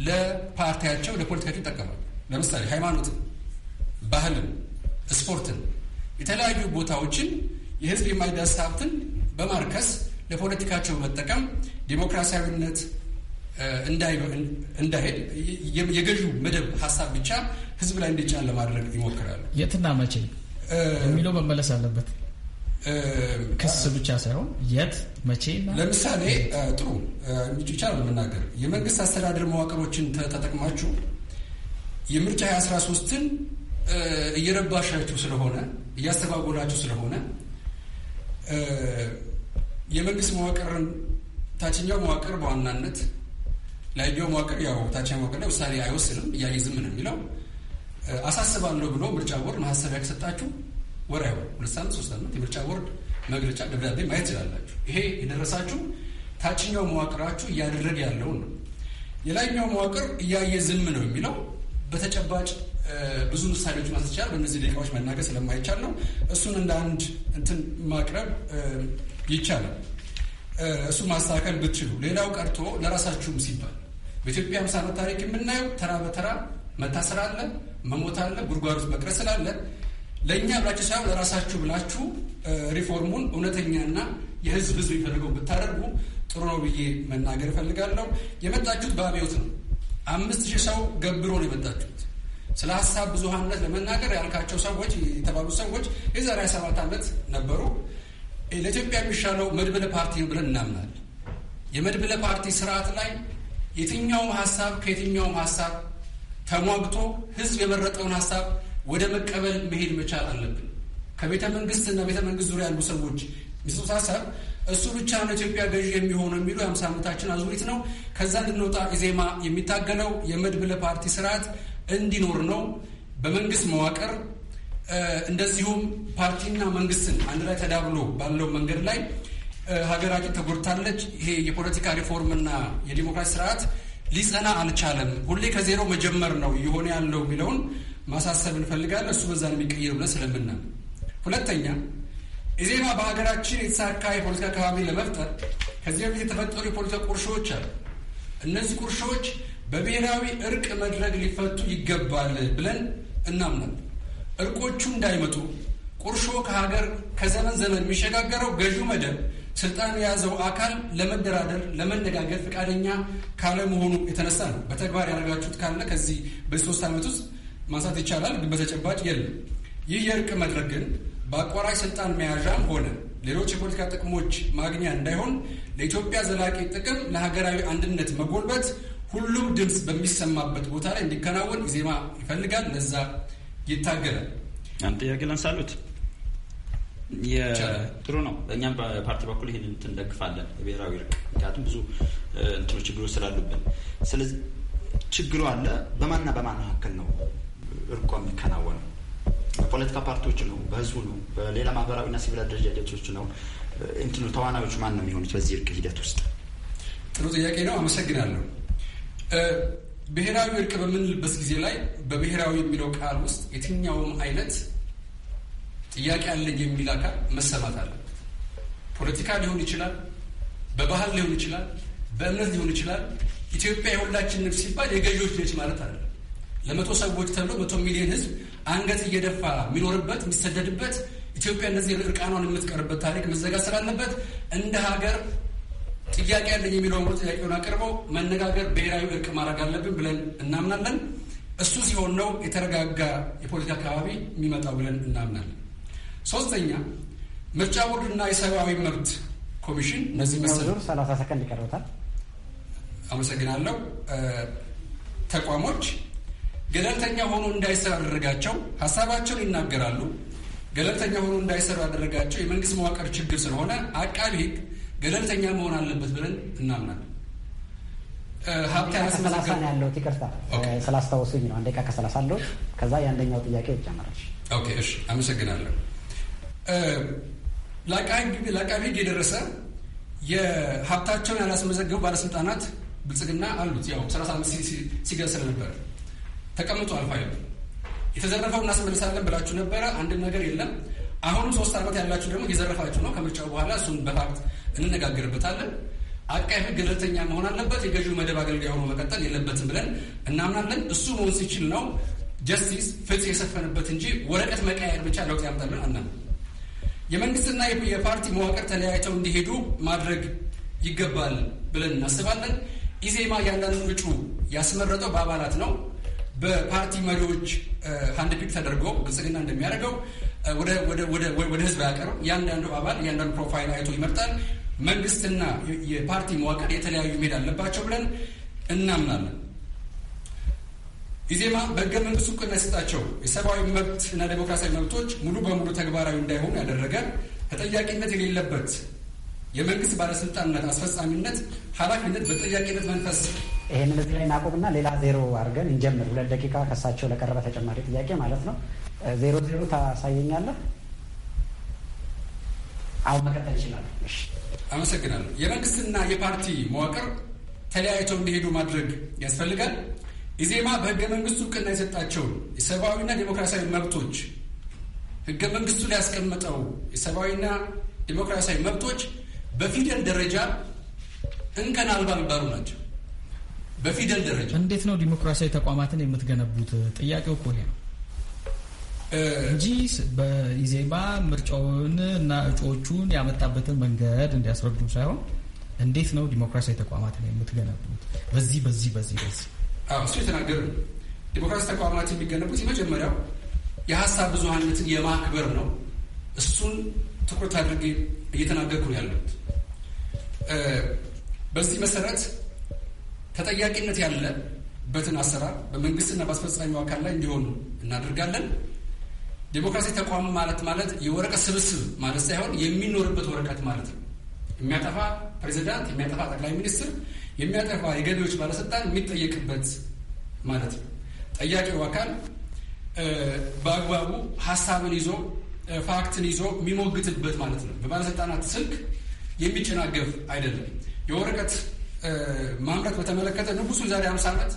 ለፓርቲያቸው ለፖለቲካቸው ይጠቀማሉ። ለምሳሌ ሃይማኖትን፣ ባህልን ስፖርትን፣ የተለያዩ ቦታዎችን የህዝብ የማይዳስ ሀብትን በማርከስ ለፖለቲካቸው መጠቀም ዴሞክራሲያዊነት እንዳይሄድ የገዢው መደብ ሀሳብ ብቻ ህዝብ ላይ እንዲጫን ለማድረግ ይሞክራሉ። የትና መቼ የሚለው መመለስ አለበት። ክስ ብቻ ሳይሆን የት መቼ። ለምሳሌ ጥሩ ይቻላል መናገር የመንግስት አስተዳደር መዋቅሮችን ተጠቅማችሁ የምርጫ 2013ን እየረባሻችሁ ስለሆነ እያስተጓጎላችሁ ስለሆነ የመንግስት መዋቅርን ታችኛው መዋቅር በዋናነት ላይኛው መዋቅር ያው ታችኛው መዋቅር ላይ ውሳኔ አይወስንም እያየ ዝም ነው የሚለው አሳስባለሁ ብሎ ምርጫ ቦርድ ማሳሰቢያ ከሰጣችሁ ወር አይሆን ሁለት ሳምንት ሶስት ሳምንት የምርጫ ቦርድ መግለጫ ደብዳቤ ማየት ይችላላችሁ። ይሄ የደረሳችሁ ታችኛው መዋቅራችሁ እያደረገ ያለውን ነው። የላይኛው መዋቅር እያየ ዝም ነው የሚለው በተጨባጭ ብዙ ምሳሌዎች ማንሳት ይቻላል። በእነዚህ ደቂቃዎች መናገር ስለማይቻል ነው። እሱን እንደ አንድ እንትን ማቅረብ ይቻላል። እሱ ማስተካከል ብትችሉ። ሌላው ቀርቶ ለራሳችሁም ሲባል በኢትዮጵያ ሃምሳ ዓመት ታሪክ የምናየው ተራ በተራ መታሰር አለ፣ መሞት አለ፣ ጉድጓድ ውስጥ መቅረት ስላለ ለእኛ ብላችሁ ሳይሆን ለራሳችሁ ብላችሁ ሪፎርሙን እውነተኛና የህዝብ ህዝብ የሚፈልገው ብታደርጉ ጥሩ ነው ብዬ መናገር እፈልጋለሁ። የመጣችሁት በአብዮት ነው። አምስት ሺህ ሰው ገብሮ ነው የመጣችሁት። ስለ ሀሳብ ብዙሀንነት ለመናገር ያልካቸው ሰዎች የተባሉት ሰዎች የዛሬ ሰባት ዓመት ነበሩ። ለኢትዮጵያ የሚሻለው መድብለ ፓርቲ ብለን እናምናል። የመድብለ ፓርቲ ስርዓት ላይ የትኛውም ሀሳብ ከየትኛውም ሀሳብ ተሟግቶ ህዝብ የመረጠውን ሀሳብ ወደ መቀበል መሄድ መቻል አለብን። ከቤተ መንግስት እና ቤተ መንግስት ዙሪያ ያሉ ሰዎች የሚሰጡት ሀሳብ እሱ ብቻ ነው ኢትዮጵያ ገዢ የሚሆነው የሚሉ የአምሳ ዓመታችን አዙሪት ነው። ከዛ እንድንወጣ ኢዜማ የሚታገለው የመድብለ ፓርቲ ስርዓት እንዲኖር ነው። በመንግስት መዋቅር እንደዚሁም ፓርቲና መንግስትን አንድ ላይ ተዳብሎ ባለው መንገድ ላይ ሀገራችን ተጎድታለች። ይሄ የፖለቲካ ሪፎርምና የዲሞክራሲ ስርዓት ሊጸና አልቻለም። ሁሌ ከዜሮ መጀመር ነው እየሆነ ያለው የሚለውን ማሳሰብ እንፈልጋለን። እሱ በዛ ነው የሚቀይር ብለን ሁለተኛ ኢዜማ በሀገራችን የተሳካ የፖለቲካ አካባቢ ለመፍጠር ከዚህ በፊት የተፈጠሩ የፖለቲካ ቁርሾዎች አሉ። እነዚህ ቁርሾዎች በብሔራዊ እርቅ መድረክ ሊፈቱ ይገባል ብለን እናምናል። እርቆቹ እንዳይመጡ ቁርሾ ከሀገር ከዘመን ዘመን የሚሸጋገረው ገዢው መደብ ስልጣን የያዘው አካል ለመደራደር ለመነጋገር ፈቃደኛ ካለመሆኑ የተነሳ ነው። በተግባር ያደረጋችሁት ካለ ከዚህ በሶስት ዓመት ውስጥ ማንሳት ይቻላል፣ ግን በተጨባጭ የለም። ይህ የእርቅ መድረክ ግን በአቋራጭ ስልጣን መያዣም ሆነ ሌሎች የፖለቲካ ጥቅሞች ማግኛ እንዳይሆን ለኢትዮጵያ ዘላቂ ጥቅም፣ ለሀገራዊ አንድነት መጎልበት ሁሉም ድምፅ በሚሰማበት ቦታ ላይ እንዲከናወን ኢዜማ ይፈልጋል። ለዛ ይታገላል። አንድ ጥያቄ ላንሳሉት። ጥሩ ነው። እኛም በፓርቲ በኩል ይህን እንደግፋለን፣ የብሔራዊ እርቅ። ምክንያቱም ብዙ እንትኖች ችግሮች ስላሉብን፣ ስለዚህ ችግሩ አለ። በማንና በማን መካከል ነው እርቆ የሚከናወነው? በፖለቲካ ፓርቲዎች ነው? በህዝቡ ነው? በሌላ ማህበራዊና ሲቪል አደረጃጀቶች ነው? እንትኑ ተዋናዮች ማን ነው የሚሆኑት በዚህ እርቅ ሂደት ውስጥ? ጥሩ ጥያቄ ነው። አመሰግናለሁ። ብሔራዊ እርቅ በምንልበት ጊዜ ላይ በብሔራዊ የሚለው ቃል ውስጥ የትኛውም አይነት ጥያቄ አለኝ የሚል አካል መሰማት አለበት። ፖለቲካ ሊሆን ይችላል፣ በባህል ሊሆን ይችላል፣ በእምነት ሊሆን ይችላል። ኢትዮጵያ የሁላችንም ሲባል የገዢዎች ነች ማለት አለ። ለመቶ ሰዎች ተብሎ መቶ ሚሊዮን ህዝብ አንገት እየደፋ የሚኖርበት የሚሰደድበት ኢትዮጵያ እነዚህ እርቃኗን የምትቀርበት ታሪክ መዘጋት ስላለበት እንደ ሀገር ጥያቄ አለኝ የሚለውን ወ ጥያቄውን አቅርበው መነጋገር ብሔራዊ እርቅ ማድረግ አለብን ብለን እናምናለን። እሱ ሲሆን ነው የተረጋጋ የፖለቲካ አካባቢ የሚመጣው ብለን እናምናለን። ሶስተኛ ምርጫ ቦርድና የሰብአዊ መብት ኮሚሽን እነዚህ መሰል ሰላሳ ሰከንድ ይቀርበታል። አመሰግናለሁ። ተቋሞች ገለልተኛ ሆኖ እንዳይሰሩ አደረጋቸው። ሀሳባቸውን ይናገራሉ። ገለልተኛ ሆኖ እንዳይሰሩ ያደረጋቸው የመንግስት መዋቅር ችግር ስለሆነ አቃቢ ህግ ገለልተኛ መሆን አለበት ብለን እናምናለን። ከሰላሳ ነው ያለሁት። ይቅርታ ስላስታወሱኝ ነው። አንድ ደቂቃ ከዛ የአንደኛው ጥያቄ ይጨመራል። ኦኬ፣ እሺ፣ አመሰግናለሁ። ለአቃቢ ሕግ የደረሰ የሀብታቸውን ያላስመዘገቡ ባለስልጣናት ብልጽግና አሉት። ያው 35 ሲገል ስለነበር ተቀምጧል አልፋ የተዘረፈው እናስመልሳለን ብላችሁ ነበረ። አንድም ነገር የለም። አሁንም ሶስት ዓመት ያላችሁ ደግሞ እየዘረፋችሁ ነው። ከምርጫው በኋላ እሱን በፋክት እንነጋገርበታለን። አቃቢ ህግ ገለልተኛ መሆን አለበት። የገዢው መደብ አገልጋይ ሆኖ መቀጠል የለበትም ብለን እናምናለን። እሱ መሆን ሲችል ነው ጀስቲስ ፍትህ የሰፈነበት እንጂ ወረቀት መቀያየር ብቻ ለውጥ ያምጣልን አናም የመንግስትና የፓርቲ መዋቅር ተለያይተው እንዲሄዱ ማድረግ ይገባል ብለን እናስባለን። ኢዜማ እያንዳንዱ እጩ ያስመረጠው በአባላት ነው። በፓርቲ መሪዎች ሀንድ ፒክ ተደርጎ ብልጽግና እንደሚያደርገው ወደ ህዝብ ያቀርብ። እያንዳንዱ አባል እያንዳንዱ ፕሮፋይል አይቶ ይመርጣል። መንግስትና የፓርቲ መዋቅር የተለያዩ መሄድ አለባቸው ብለን እናምናለን። ኢዜማ በህገ መንግስቱ እውቅና የሰጣቸው የሰብአዊ መብት እና ዴሞክራሲያዊ መብቶች ሙሉ በሙሉ ተግባራዊ እንዳይሆኑ ያደረገ ተጠያቂነት የሌለበት የመንግስት ባለስልጣንነት አስፈጻሚነት ኃላፊነት በተጠያቂነት መንፈስ ይህን እዚህ ላይ እናቆምና ሌላ ዜሮ አድርገን እንጀምር። ሁለት ደቂቃ ከሳቸው ለቀረበ ተጨማሪ ጥያቄ ማለት ነው። ዜሮ ዜሮ ታሳየኛለህ። አሁን መቀጠል ይችላል። አመሰግናለሁ። የመንግስትና የፓርቲ መዋቅር ተለያይተው እንዲሄዱ ማድረግ ያስፈልጋል። ኢዜማ በህገ መንግስቱ እውቅና የሰጣቸውን የሰብአዊና ዴሞክራሲያዊ መብቶች ህገ መንግስቱ ላይ ያስቀመጠው የሰብአዊና ዴሞክራሲያዊ መብቶች በፊደል ደረጃ እንከን አልባ የሚባሉ ናቸው። በፊደል ደረጃ እንዴት ነው ዲሞክራሲያዊ ተቋማትን የምትገነቡት? ጥያቄው እኮ ነው። እንጂ በኢዜማ ምርጫውን እና እጩዎቹን ያመጣበትን መንገድ እንዲያስረዱ ሳይሆን እንዴት ነው ዲሞክራሲያዊ ነው የምትገነቡት? በዚህ በዚህ በዚህ በዚህ እሱ የተናገረ ዲሞክራሲ ተቋማት የሚገነቡት የመጀመሪያው የሀሳብ ብዙሀነትን የማክበር ነው። እሱን ትኩረት አድርጌ እየተናገርኩ ነው ያለሁት። በዚህ መሰረት ተጠያቂነት ያለበትን አሰራር በመንግስትና በአስፈጻሚው አካል ላይ እንዲሆኑ እናደርጋለን። ዴሞክራሲ ተቋም ማለት ማለት የወረቀት ስብስብ ማለት ሳይሆን የሚኖርበት ወረቀት ማለት ነው። የሚያጠፋ ፕሬዚዳንት፣ የሚያጠፋ ጠቅላይ ሚኒስትር፣ የሚያጠፋ የገቢዎች ባለስልጣን የሚጠየቅበት ማለት ነው። ጠያቂው አካል በአግባቡ ሀሳብን ይዞ ፋክትን ይዞ የሚሞግትበት ማለት ነው። በባለስልጣናት ስልክ የሚጨናገፍ አይደለም። የወረቀት ማምረት በተመለከተ ንጉሱ ዛሬ 50 ዓመት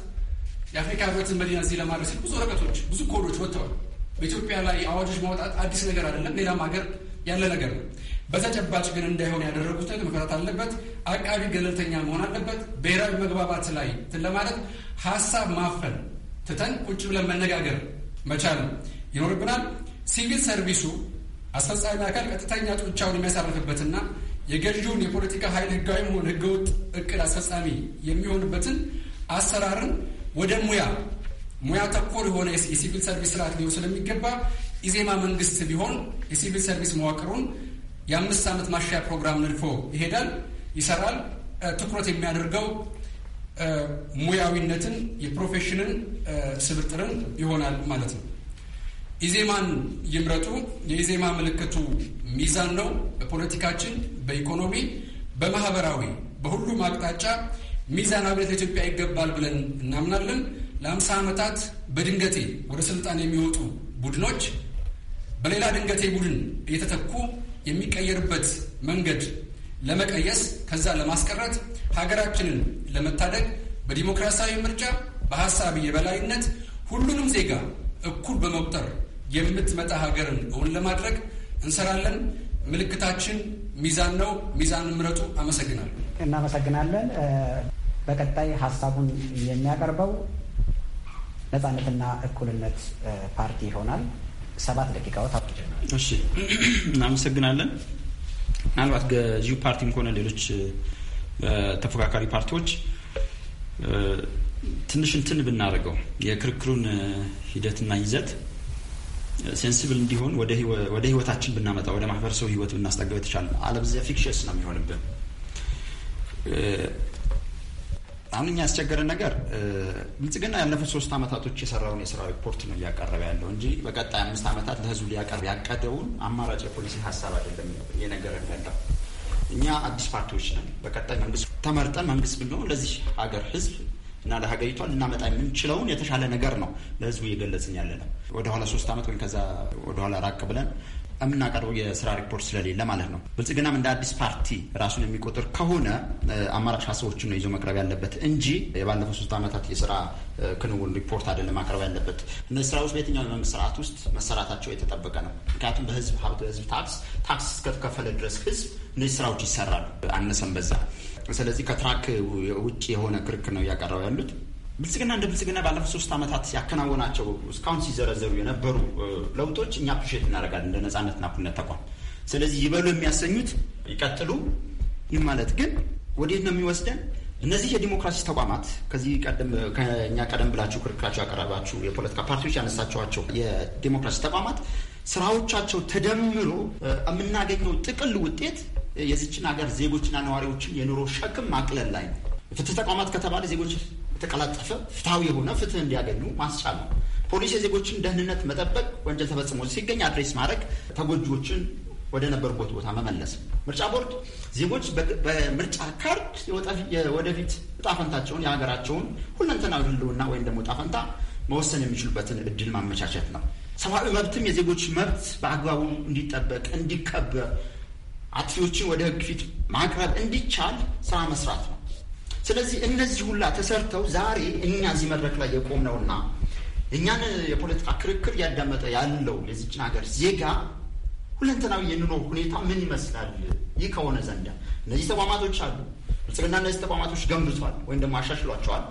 የአፍሪካ ህብረትን መዲና እዚህ ለማድረስ ብዙ ወረቀቶች፣ ብዙ ኮዶች ወጥተዋል። በኢትዮጵያ ላይ አዋጆች ማውጣት አዲስ ነገር አይደለም፣ ሌላም ሀገር ያለ ነገር ነው። በተጨባጭ ግን እንዳይሆን ያደረጉት መከታት አለበት። አቃቢ ገለልተኛ መሆን አለበት። ብሔራዊ መግባባት ላይ እንትን ለማለት ሀሳብ ማፈን ትተን ቁጭ ብለን መነጋገር መቻል ይኖርብናል። ሲቪል ሰርቪሱ አስፈጻሚ አካል ቀጥተኛ ጡንቻውን የሚያሳርፍበትና የገዢውን የፖለቲካ ኃይል ህጋዊም ሆነ ህገወጥ እቅድ አስፈጻሚ የሚሆንበትን አሰራርን ወደ ሙያ ሙያ ተኮር የሆነ የሲቪል ሰርቪስ ስርዓት ሊሆን ስለሚገባ ኢዜማ መንግስት ቢሆን የሲቪል ሰርቪስ መዋቅሩን የአምስት ዓመት ማሻያ ፕሮግራም ነድፎ ይሄዳል፣ ይሰራል። ትኩረት የሚያደርገው ሙያዊነትን፣ የፕሮፌሽንን ስብጥርን ይሆናል ማለት ነው። ኢዜማን ይምረጡ። የኢዜማ ምልክቱ ሚዛን ነው። በፖለቲካችን፣ በኢኮኖሚ፣ በማህበራዊ፣ በሁሉም አቅጣጫ አብነት ለኢትዮጵያ ይገባል ብለን እናምናለን። ለአምሳ ዓመታት በድንገቴ ወደ ስልጣን የሚወጡ ቡድኖች በሌላ ድንገቴ ቡድን እየተተኩ የሚቀየርበት መንገድ ለመቀየስ ከዛ ለማስቀረት ሀገራችንን ለመታደግ በዲሞክራሲያዊ ምርጫ በሀሳብ የበላይነት ሁሉንም ዜጋ እኩል በመቁጠር የምትመጣ ሀገርን እውን ለማድረግ እንሰራለን። ምልክታችን ሚዛን ነው። ሚዛን ምረጡ። አመሰግናለሁ። እናመሰግናለን። በቀጣይ ሀሳቡን የሚያቀርበው ነጻነትና እኩልነት ፓርቲ ይሆናል። ሰባት ደቂቃዎት አብ እሺ፣ [clears throat] እናመሰግናለን። ምናልባት ገዢው ፓርቲም ከሆነ ሌሎች ተፎካካሪ ፓርቲዎች ትንሽ እንትን ብናደርገው የክርክሩን ሂደትና ይዘት ሴንስብል እንዲሆን ወደ ህይወታችን ብናመጣ ወደ ማህበረሰቡ ህይወት ብናስጠገብ የተቻለ አለብዚያ ፊክሽስ ነው የሚሆንብን። አሁን እኛ ያስቸገረን ነገር ብልጽግና ያለፉት ሶስት ዓመታቶች የሰራውን የስራ ሪፖርት ነው እያቀረበ ያለው እንጂ በቀጣይ አምስት ዓመታት ለህዝቡ ሊያቀርብ ያቀደውን አማራጭ የፖሊሲ ሀሳብ አይደለም የነገረን ያለው። እኛ አዲስ ፓርቲዎች ነን። በቀጣይ መንግስት ተመርጠን መንግስት ብንሆን ለዚህ ሀገር ህዝብ እና ለሀገሪቷ ልናመጣ የምንችለውን የተሻለ ነገር ነው ለህዝቡ እየገለጽን ያለ ነው። ወደኋላ ሶስት ዓመት ወይም ከዛ ወደኋላ ራቅ ብለን የምናቀርበው የስራ ሪፖርት ስለሌለ ማለት ነው። ብልጽግናም እንደ አዲስ ፓርቲ ራሱን የሚቆጥር ከሆነ አማራጭ ሀሳቦችን ነው ይዞ መቅረብ ያለበት እንጂ የባለፈው ሶስት ዓመታት የስራ ክንውን ሪፖርት አይደለም ማቅረብ ያለበት። እነዚህ ስራዎች በየትኛው የመንግስት ስርዓት ውስጥ መሰራታቸው የተጠበቀ ነው። ምክንያቱም በህዝብ ሀብት በህዝብ ታክስ ታክስ እስከተከፈለ ድረስ ህዝብ እነዚህ ስራዎች ይሰራሉ አነሰም በዛ። ስለዚህ ከትራክ ውጭ የሆነ ክርክር ነው እያቀረበ ያሉት። ብልጽግና እንደ ብልጽግና ባለፉት ሶስት ዓመታት ያከናወናቸው እስካሁን ሲዘረዘሩ የነበሩ ለውጦች እኛ ፕሼት እናደርጋለን እንደ ነጻነትና እኩልነት ተቋም። ስለዚህ ይበሉ የሚያሰኙት ይቀጥሉ። ይህ ማለት ግን ወዴት ነው የሚወስደን? እነዚህ የዲሞክራሲ ተቋማት ከዚህ ቀደም ከእኛ ቀደም ብላችሁ ክርክራችሁ ያቀረባችሁ የፖለቲካ ፓርቲዎች ያነሳችኋቸው የዲሞክራሲ ተቋማት ስራዎቻቸው ተደምሮ የምናገኘው ጥቅል ውጤት የዚችን ሀገር ዜጎችና ነዋሪዎችን የኑሮ ሸክም ማቅለል ላይ ነው። ፍትህ ተቋማት ከተባለ ዜጎች የተቀላጠፈ ፍትሐዊ የሆነ ፍትህ እንዲያገኙ ማስቻል ነው። ፖሊስ የዜጎችን ደህንነት መጠበቅ፣ ወንጀል ተፈጽሞ ሲገኝ አድሬስ ማድረግ፣ ተጎጂዎችን ወደ ነበሩበት ቦታ መመለስ። ምርጫ ቦርድ ዜጎች በምርጫ ካርድ የወደፊት ዕጣ የሀገራቸውን ሁለንተናዊ ሕልውና ወይም ደግሞ ዕጣ መወሰን የሚችሉበትን እድል ማመቻቸት ነው። ሰብአዊ መብትም የዜጎች መብት በአግባቡ እንዲጠበቅ እንዲከበር፣ አጥፊዎችን ወደ ህግ ፊት ማቅረብ እንዲቻል ስራ መስራት ነው። ስለዚህ እነዚህ ሁላ ተሰርተው ዛሬ እኛ እዚህ መድረክ ላይ የቆምነውና እኛን የፖለቲካ ክርክር ያዳመጠ ያለው የዚችን ሀገር ዜጋ ሁለንተናዊ የኑሮ ሁኔታ ምን ይመስላል? ይህ ከሆነ ዘንዳ እነዚህ ተቋማቶች አሉ። ብልጽግና እነዚህ ተቋማቶች ገንብቷል ወይም ደግሞ አሻሽሏቸዋል።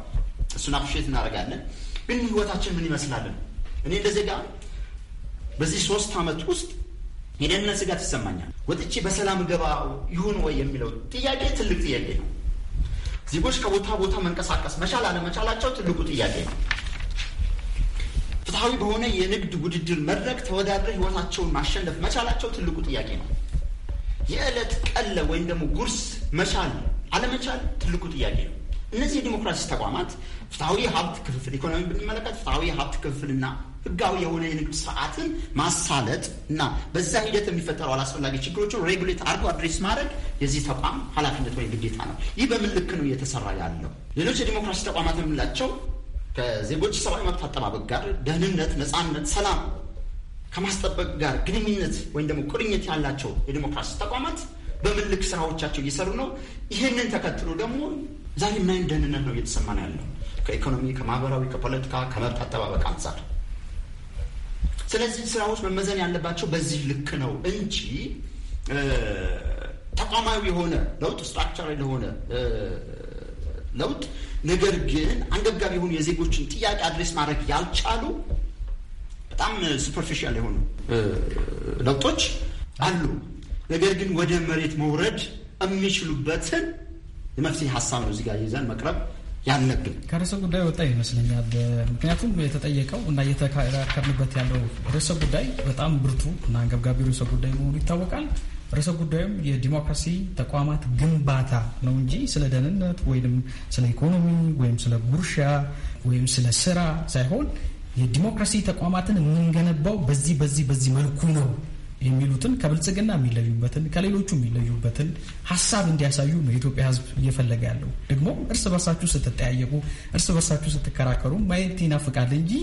እሱን አፕሼት እናደርጋለን። ግን ህይወታችን ምን ይመስላል? እኔ እንደ ዜጋ በዚህ ሶስት ዓመት ውስጥ የደህንነት ስጋት ይሰማኛል። ወጥቼ በሰላም ገባ ይሁን ወይ የሚለው ጥያቄ ትልቅ ጥያቄ ነው። ዜጎች ከቦታ ቦታ መንቀሳቀስ መቻል አለመቻላቸው ትልቁ ጥያቄ ነው። ፍትሐዊ በሆነ የንግድ ውድድር መድረክ ተወዳድረ ህይወታቸውን ማሸነፍ መቻላቸው ትልቁ ጥያቄ ነው። የዕለት ቀለ ወይም ደግሞ ጉርስ መቻል አለመቻል ትልቁ ጥያቄ ነው። እነዚህ የዲሞክራሲ ተቋማት ፍትሐዊ ሀብት ክፍፍል ኢኮኖሚ ብንመለከት ፍትሐዊ ሀብት ክፍፍልና ህጋዊ የሆነ የንግድ ስርዓትን ማሳለጥ እና በዛ ሂደት የሚፈጠሩ አላስፈላጊ ችግሮችን ሬጉሌት አድርጎ አድሬስ ማድረግ የዚህ ተቋም ኃላፊነት ወይም ግዴታ ነው። ይህ በምን ልክ ነው እየተሰራ ያለው? ሌሎች የዲሞክራሲ ተቋማት የምንላቸው ከዜጎች ሰብአዊ መብት አጠባበቅ ጋር ደህንነት፣ ነፃነት፣ ሰላም ከማስጠበቅ ጋር ግንኙነት ወይም ደግሞ ቁርኝት ያላቸው የዲሞክራሲ ተቋማት በምን ልክ ስራዎቻቸው እየሰሩ ነው? ይህንን ተከትሎ ደግሞ ዛሬ ምን ደህንነት ነው እየተሰማን ያለው? ከኢኮኖሚ፣ ከማህበራዊ፣ ከፖለቲካ፣ ከመብት አጠባበቅ አንጻር ስለዚህ ስራዎች መመዘን ያለባቸው በዚህ ልክ ነው እንጂ ተቋማዊ የሆነ ለውጥ ስትራክቸራል የሆነ ለውጥ ነገር ግን አንገብጋቢ የሆኑ የዜጎችን ጥያቄ አድሬስ ማድረግ ያልቻሉ በጣም ሱፐርፊሻል የሆኑ ለውጦች አሉ። ነገር ግን ወደ መሬት መውረድ የሚችሉበትን የመፍትሄ ሀሳብ ነው እዚህ ጋር ይዘን መቅረብ ያለብን ከርዕሰ ጉዳይ ወጣ ይመስለኛል። ምክንያቱም የተጠየቀው እና እየተከራከርንበት ያለው ርዕሰ ጉዳይ በጣም ብርቱ እና አንገብጋቢ ርዕሰ ጉዳይ መሆኑ ይታወቃል። ርዕሰ ጉዳዩም የዲሞክራሲ ተቋማት ግንባታ ነው እንጂ ስለ ደህንነት ወይም ስለ ኢኮኖሚ ወይም ስለ ጉርሻ ወይም ስለ ስራ ሳይሆን የዲሞክራሲ ተቋማትን የምንገነባው በዚህ በዚህ በዚህ መልኩ ነው የሚሉትን ከብልጽግና የሚለዩበትን ከሌሎቹ የሚለዩበትን ሀሳብ እንዲያሳዩ ነው የኢትዮጵያ ሕዝብ እየፈለገ ያለው። ደግሞ እርስ በርሳችሁ ስትጠያየቁ፣ እርስ በርሳችሁ ስትከራከሩ ማየት ይናፍቃል እንጂ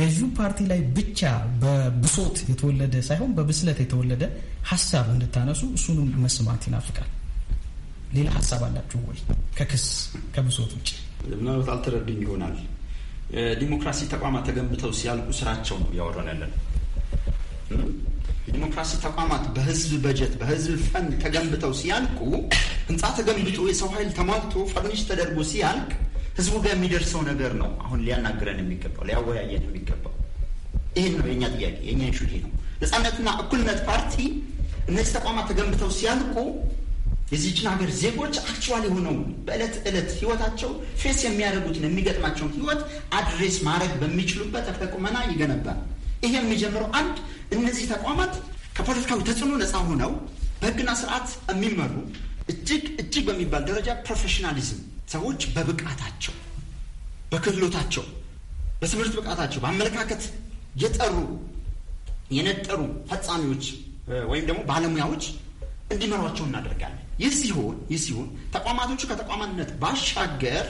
ገዢው ፓርቲ ላይ ብቻ በብሶት የተወለደ ሳይሆን በብስለት የተወለደ ሀሳብ እንድታነሱ እሱንም መስማት ይናፍቃል። ሌላ ሀሳብ አላችሁ ወይ? ከክስ ከብሶት ውጭ ምናልባት አልተረዱኝ ይሆናል። ዲሞክራሲ ተቋማት ተገንብተው ሲያልቁ ስራቸው ነው እያወራን ያለን የዲሞክራሲ ተቋማት በህዝብ በጀት በህዝብ ፈንድ ተገንብተው ሲያልቁ ህንፃ ተገንብቶ የሰው ኃይል ተሟልቶ ፈርኒሽ ተደርጎ ሲያልቅ ህዝቡ ጋር የሚደርሰው ነገር ነው አሁን ሊያናግረን የሚገባው ሊያወያየን የሚገባው ይህን ነው የእኛ ጥያቄ የእኛ ሹ ነው ነፃነትና እኩልነት ፓርቲ እነዚህ ተቋማት ተገንብተው ሲያልቁ የዚችን ሀገር ዜጎች አክቹዋል የሆነው በዕለት ዕለት ህይወታቸው ፌስ የሚያደርጉትን የሚገጥማቸውን ህይወት አድሬስ ማድረግ በሚችሉበት ተቁመና ይገነባል ይሄ የሚጀምረው አንድ እነዚህ ተቋማት ከፖለቲካዊ ተጽዕኖ ነፃ ሆነው በህግና ስርዓት የሚመሩ እጅግ እጅግ በሚባል ደረጃ ፕሮፌሽናሊዝም ሰዎች በብቃታቸው፣ በክህሎታቸው፣ በትምህርት ብቃታቸው፣ በአመለካከት የጠሩ የነጠሩ ፈጻሚዎች ወይም ደግሞ ባለሙያዎች እንዲመሯቸው እናደርጋለን። ይህ ሲሆን ይህ ሲሆን ተቋማቶቹ ከተቋማትነት ባሻገር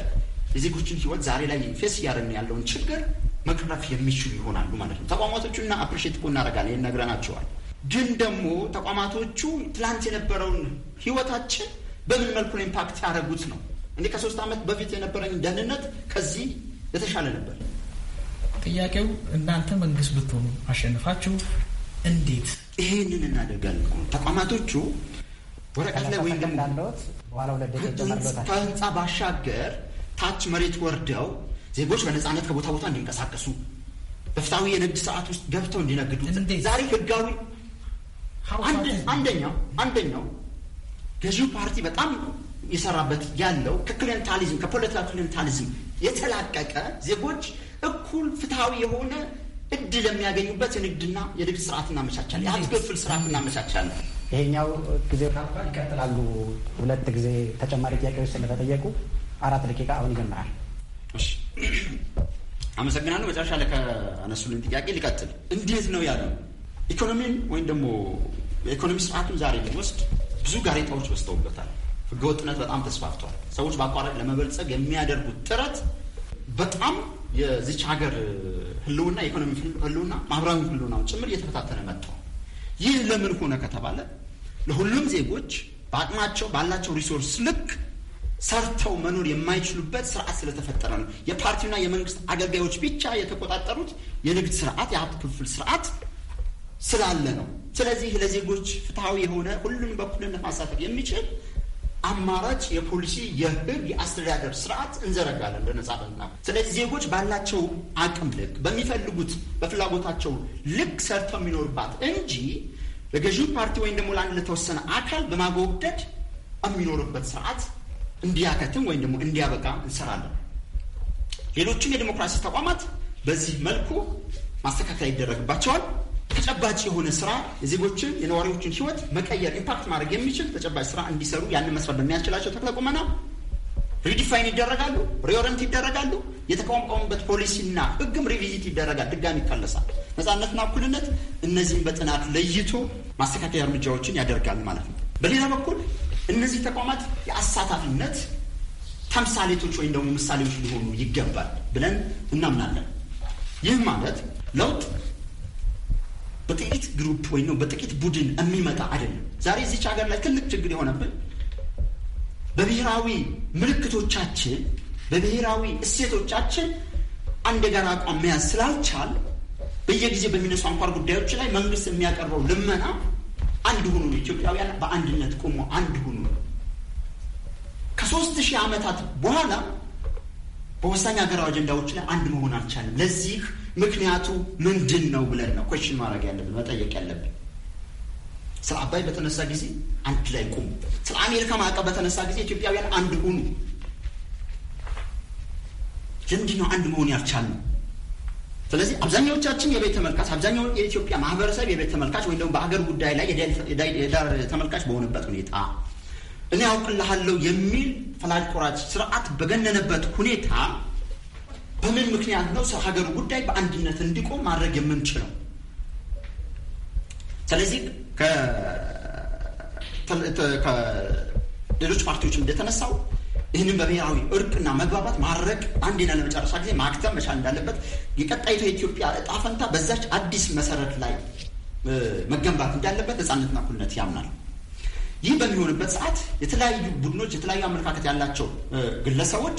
የዜጎችን ህይወት ዛሬ ላይ ፌስ እያደረግን ያለውን ችግር መቅረፍ የሚችሉ ይሆናሉ ማለት ነው። ተቋማቶቹ እና አፕሪሼት እኮ እናደርጋለን ነግረናቸዋል። ግን ደግሞ ተቋማቶቹ ትላንት የነበረውን ህይወታችን በምን መልኩ ነው ኢምፓክት ያደረጉት ነው። እንደ ከሶስት ዓመት በፊት የነበረኝ ደህንነት ከዚህ የተሻለ ነበር። ጥያቄው እናንተ መንግስት ብትሆኑ አሸንፋችሁ እንዴት ይሄንን እናደርጋለን? ተቋማቶቹ ወረቀት ላይ ወይም ደግሞ ከህንፃ ባሻገር ታች መሬት ወርደው ዜጎች በነፃነት ከቦታ ቦታ እንዲንቀሳቀሱ በፍትሐዊ የንግድ ስርዓት ውስጥ ገብተው እንዲነግዱ ዛሬ ህጋዊ አንደኛው አንደኛው ገዢው ፓርቲ በጣም የሰራበት ያለው ከክሊንታሊዝም ከፖለቲካ ክሊንታሊዝም የተላቀቀ ዜጎች እኩል ፍትሐዊ የሆነ እድል የሚያገኙበት የንግድና የንግድ ስርዓት እናመቻቻለን። የአትክፍል ስርዓት እናመቻቻለን። ይሄኛው ጊዜ ይቀጥላሉ። ሁለት ጊዜ ተጨማሪ ጥያቄዎች ስለተጠየቁ አራት ደቂቃ አሁን ይጀምራል። እሺ አመሰግናለሁ። መጨረሻ ላይ ከአነሱልን ጥያቄ ሊቀጥል እንዴት ነው ያለው ኢኮኖሚን ወይም ደግሞ የኢኮኖሚ ስርዓቱን ዛሬ ልንወስድ ብዙ ጋሬጣዎች በዝተውበታል። ህገወጥነት በጣም ተስፋፍቷል። ሰዎች በአቋራጭ ለመበልጸግ የሚያደርጉት ጥረት በጣም የዚች ሀገር ህልውና፣ የኢኮኖሚ ህልውና፣ ማህበራዊ ህልውናውን ጭምር እየተፈታተነ መጥተዋል። ይህ ለምን ሆነ ከተባለ ለሁሉም ዜጎች በአቅማቸው ባላቸው ሪሶርስ ልክ ሰርተው መኖር የማይችሉበት ስርዓት ስለተፈጠረ ነው። የፓርቲውና የመንግስት አገልጋዮች ብቻ የተቆጣጠሩት የንግድ ስርዓት፣ የሀብት ክፍል ስርዓት ስላለ ነው። ስለዚህ ለዜጎች ፍትሐዊ የሆነ ሁሉም በኩልነት ማሳተፍ የሚችል አማራጭ የፖሊሲ የህግ፣ የአስተዳደር ስርዓት እንዘረጋለን በነጻ በና ስለዚህ ዜጎች ባላቸው አቅም ልክ በሚፈልጉት በፍላጎታቸው ልክ ሰርተው የሚኖርባት እንጂ ለገዢው ፓርቲ ወይም ደግሞ ለአንድ ለተወሰነ አካል በማጎብደድ የሚኖርበት ስርዓት እንዲያከትም ወይም ደግሞ እንዲያበቃ እንሰራለን። ሌሎችም የዲሞክራሲ ተቋማት በዚህ መልኩ ማስተካከያ ይደረግባቸዋል። ተጨባጭ የሆነ ስራ የዜጎችን የነዋሪዎችን ህይወት መቀየር ኢምፓክት ማድረግ የሚችል ተጨባጭ ስራ እንዲሰሩ ያንን መስራት በሚያስችላቸው ተክለ ሪዲፋይን ይደረጋሉ፣ ሪኦረንት ይደረጋሉ። የተቋቋሙበት ፖሊሲና ህግም ሪቪዚት ይደረጋል፣ ድጋሚ ይከለሳል። ነፃነትና እኩልነት እነዚህም በጥናት ለይቶ ማስተካከያ እርምጃዎችን ያደርጋል ማለት ነው። በሌላ በኩል እነዚህ ተቋማት የአሳታፊነት ተምሳሌቶች ወይም ደግሞ ምሳሌዎች ሊሆኑ ይገባል ብለን እናምናለን። ይህ ማለት ለውጥ በጥቂት ግሩፕ ወይም በጥቂት ቡድን የሚመጣ አይደለም። ዛሬ እዚች ሀገር ላይ ትልቅ ችግር የሆነብን በብሔራዊ ምልክቶቻችን፣ በብሔራዊ እሴቶቻችን አንድ የጋራ አቋም መያዝ ስላልቻል በየጊዜ በሚነሱ አንኳር ጉዳዮች ላይ መንግስት የሚያቀርበው ልመና አንድ ሁኑ፣ ኢትዮጵያውያን በአንድነት ቁሞ አንድ ሁኑ ከሶስት ሺህ ዓመታት በኋላ በወሳኝ ሀገራዊ አጀንዳዎች ላይ አንድ መሆን አልቻለም። ለዚህ ምክንያቱ ምንድን ነው ብለን ነው ኮሽን ማድረግ ያለብን መጠየቅ ያለብን። ስለ አባይ በተነሳ ጊዜ አንድ ላይ ቁሙ። ስለ አሜሪካ ማዕቀብ በተነሳ ጊዜ ኢትዮጵያውያን አንድ ሁኑ። ለምንድን ነው አንድ መሆን ያልቻልነው? ስለዚህ አብዛኛዎቻችን የቤት ተመልካች፣ አብዛኛው የኢትዮጵያ ማህበረሰብ የቤት ተመልካች ወይም ደግሞ በሀገር ጉዳይ ላይ የዳር ተመልካች በሆነበት ሁኔታ እኔ ያውቅልሃለሁ የሚል ፈላጭ ቆራጭ ስርዓት በገነነበት ሁኔታ በምን ምክንያት ነው ስለ ሀገሩ ጉዳይ በአንድነት እንዲቆም ማድረግ የምንችለው? ስለዚህ ከሌሎች ፓርቲዎች እንደተነሳው ይህንን በብሔራዊ እርቅና መግባባት ማድረግ አንዴና ለመጨረሻ ጊዜ ማክተም መቻል እንዳለበት የቀጣይቱ የኢትዮጵያ እጣ ፈንታ በዛች አዲስ መሰረት ላይ መገንባት እንዳለበት ነፃነትና እኩልነት ያምናል። ይህ በሚሆንበት ሰዓት የተለያዩ ቡድኖች፣ የተለያዩ አመለካከት ያላቸው ግለሰቦች፣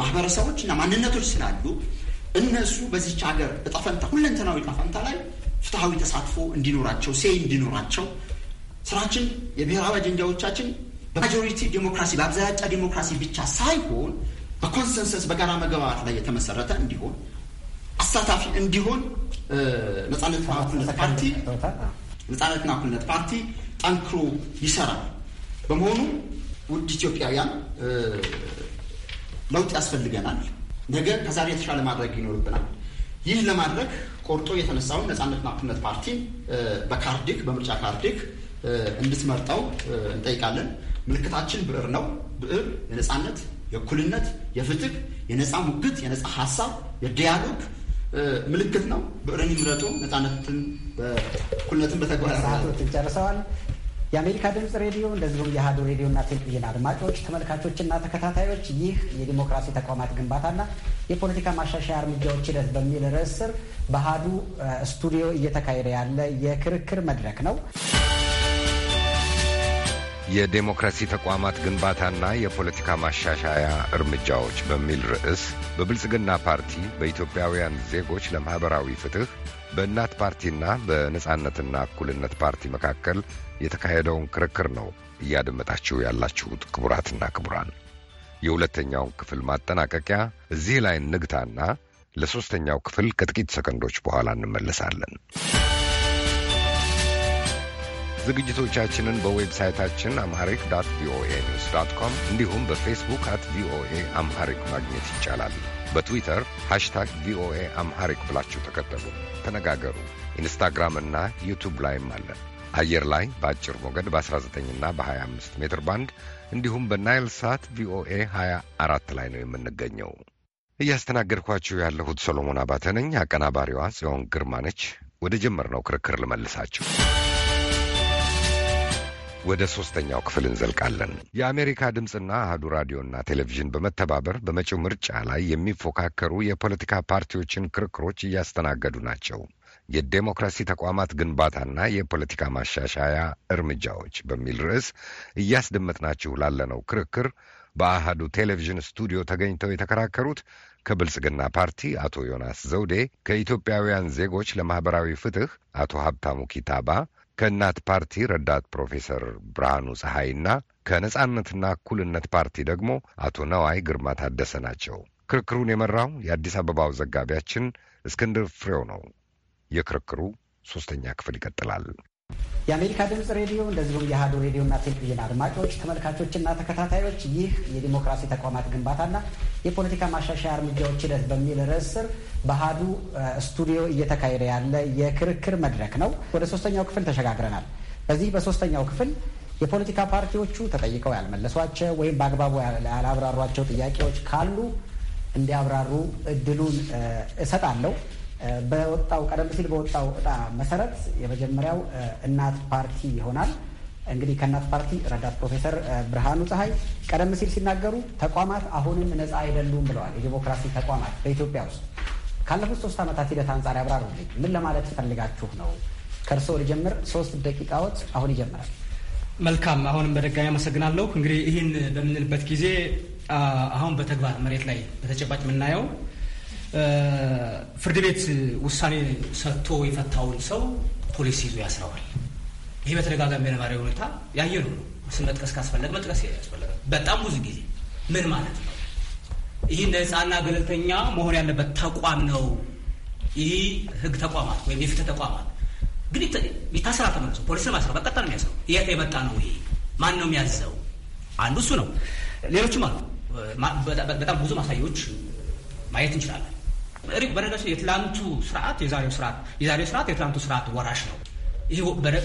ማህበረሰቦች እና ማንነቶች ስላሉ እነሱ በዚች ሀገር እጣፈንታ ሁለንተናዊ እጣፈንታ ላይ ፍትሐዊ ተሳትፎ እንዲኖራቸው ሴ እንዲኖራቸው ስራችን የብሔራዊ አጀንዳዎቻችን በማጆሪቲ ዲሞክራሲ በአብዛጫ ዲሞክራሲ ብቻ ሳይሆን በኮንሰንሰስ በጋራ መግባባት ላይ የተመሰረተ እንዲሆን አሳታፊ እንዲሆን ነጻነትና እኩልነት ፓርቲ ነጻነትና እኩልነት ፓርቲ ጠንክሮ ይሰራል። በመሆኑ ውድ ኢትዮጵያውያን ለውጥ ያስፈልገናል። ነገ ከዛሬ የተሻለ ማድረግ ይኖርብናል። ይህ ለማድረግ ቆርጦ የተነሳውን ነፃነትና እኩልነት ፓርቲ በካርዲክ በምርጫ ካርዲክ እንድትመርጠው እንጠይቃለን። ምልክታችን ብዕር ነው። ብዕር የነፃነት፣ የእኩልነት፣ የፍትህ፣ የነፃ ሙግት፣ የነፃ ሀሳብ፣ የዲያሎግ ምልክት ነው። ብዕርን ይምረጡ። ነፃነትን፣ እኩልነትን በተግባር ጨርሰዋል። የአሜሪካ ድምፅ ሬዲዮ እንደዚሁም ሬዲዮ ሬዲዮና ቴሌቪዥን አድማጮች፣ ተመልካቾችና ተከታታዮች ይህ የዲሞክራሲ ተቋማት ግንባታና የፖለቲካ ማሻሻያ እርምጃዎች ሂደት በሚል ርዕስ ስር ስቱዲዮ እየተካሄደ ያለ የክርክር መድረክ ነው። የዴሞክራሲ ተቋማት ግንባታና የፖለቲካ ማሻሻያ እርምጃዎች በሚል ርዕስ በብልጽግና ፓርቲ በኢትዮጵያውያን ዜጎች ለማኅበራዊ ፍትሕ በእናት ፓርቲና በነጻነትና እኩልነት ፓርቲ መካከል የተካሄደውን ክርክር ነው እያደመጣችሁ ያላችሁት። ክቡራትና ክቡራን የሁለተኛውን ክፍል ማጠናቀቂያ እዚህ ላይ ንግታና ለሦስተኛው ክፍል ከጥቂት ሰከንዶች በኋላ እንመለሳለን። ዝግጅቶቻችንን በዌብሳይታችን አምሃሪክ ዳት ቪኦኤ ኒውስ ዳት ኮም እንዲሁም በፌስቡክ አት ቪኦኤ አምሃሪክ ማግኘት ይቻላል። በትዊተር ሃሽታግ ቪኦኤ አምሃሪክ ብላችሁ ተከተሉ፣ ተነጋገሩ። ኢንስታግራም እና ዩቱብ ላይም አለን። አየር ላይ በአጭር ሞገድ በ19ና በ25 ሜትር ባንድ እንዲሁም በናይል ሳት ቪኦኤ 24 ላይ ነው የምንገኘው። እያስተናገድኳችሁ ያለሁት ሰሎሞን አባተ ነኝ። አቀናባሪዋ ጽዮን ግርማ ነች። ወደ ጀመርነው ክርክር ልመልሳችሁ። ወደ ሦስተኛው ክፍል እንዘልቃለን። የአሜሪካ ድምፅና አህዱ ራዲዮና ቴሌቪዥን በመተባበር በመጪው ምርጫ ላይ የሚፎካከሩ የፖለቲካ ፓርቲዎችን ክርክሮች እያስተናገዱ ናቸው። የዴሞክራሲ ተቋማት ግንባታና የፖለቲካ ማሻሻያ እርምጃዎች በሚል ርዕስ እያስደመጥናችሁ ላለነው ክርክር በአሃዱ ቴሌቪዥን ስቱዲዮ ተገኝተው የተከራከሩት ከብልጽግና ፓርቲ አቶ ዮናስ ዘውዴ፣ ከኢትዮጵያውያን ዜጎች ለማኅበራዊ ፍትሕ አቶ ሀብታሙ ኪታባ ከእናት ፓርቲ ረዳት ፕሮፌሰር ብርሃኑ ፀሐይና ከነጻነትና እኩልነት ፓርቲ ደግሞ አቶ ነዋይ ግርማ ታደሰ ናቸው። ክርክሩን የመራው የአዲስ አበባው ዘጋቢያችን እስክንድር ፍሬው ነው። የክርክሩ ሦስተኛ ክፍል ይቀጥላል። የአሜሪካ ድምፅ ሬዲዮ እንደዚሁም ሬዲዮ ሬዲዮና ቴሌቪዥን አድማጮች፣ ተመልካቾችና ተከታታዮች ይህ የዲሞክራሲ ተቋማት ግንባታና የፖለቲካ ማሻሻያ እርምጃዎች ሂደት በሚል ርዕስ ስር በአሀዱ ስቱዲዮ እየተካሄደ ያለ የክርክር መድረክ ነው። ወደ ሶስተኛው ክፍል ተሸጋግረናል። በዚህ በሶስተኛው ክፍል የፖለቲካ ፓርቲዎቹ ተጠይቀው ያልመለሷቸው ወይም በአግባቡ ያላብራሯቸው ጥያቄዎች ካሉ እንዲያብራሩ እድሉን እሰጣለሁ። በወጣው ቀደም ሲል በወጣው እጣ መሰረት የመጀመሪያው እናት ፓርቲ ይሆናል። እንግዲህ ከእናት ፓርቲ ረዳት ፕሮፌሰር ብርሃኑ ፀሐይ ቀደም ሲል ሲናገሩ ተቋማት አሁንም ነፃ አይደሉም ብለዋል። የዲሞክራሲ ተቋማት በኢትዮጵያ ውስጥ ካለፉት ሶስት ዓመታት ሂደት አንጻር ያብራሩልኝ። ምን ለማለት ፈልጋችሁ ነው? ከእርስዎ ልጀምር። ሶስት ደቂቃዎች አሁን ይጀምራል። መልካም። አሁንም በደጋሚ አመሰግናለሁ። እንግዲህ ይህን በምንልበት ጊዜ አሁን በተግባር መሬት ላይ በተጨባጭ የምናየው ፍርድ ቤት ውሳኔ ሰጥቶ የፈታውን ሰው ፖሊስ ይዞ ያስረዋል። ይህ በተደጋጋሚ የነባሪ ሁኔታ ያየሉ ነው። መጥቀስ ካስፈለገ መጥቀስ ያስፈለገ በጣም ብዙ ጊዜ ምን ማለት ነው? ይህ ነፃና ገለልተኛ መሆን ያለበት ተቋም ነው። ይህ ህግ ተቋማት ወይም የፍትህ ተቋማት ግን ይታሰራል። ተመልሶ ፖሊስን ማስረው በቀጣ ነው የሚያስረው። የት የመጣ ነው ይሄ? ማን ነው የሚያዘው? አንዱ እሱ ነው። ሌሎችም አሉ። በጣም ብዙ ማሳያዎች ማየት እንችላለን። በነገሱ የትላንቱ ስርዓት የዛሬው ስርዓት የዛሬው ስርዓት የትላንቱ ስርዓት ወራሽ ነው።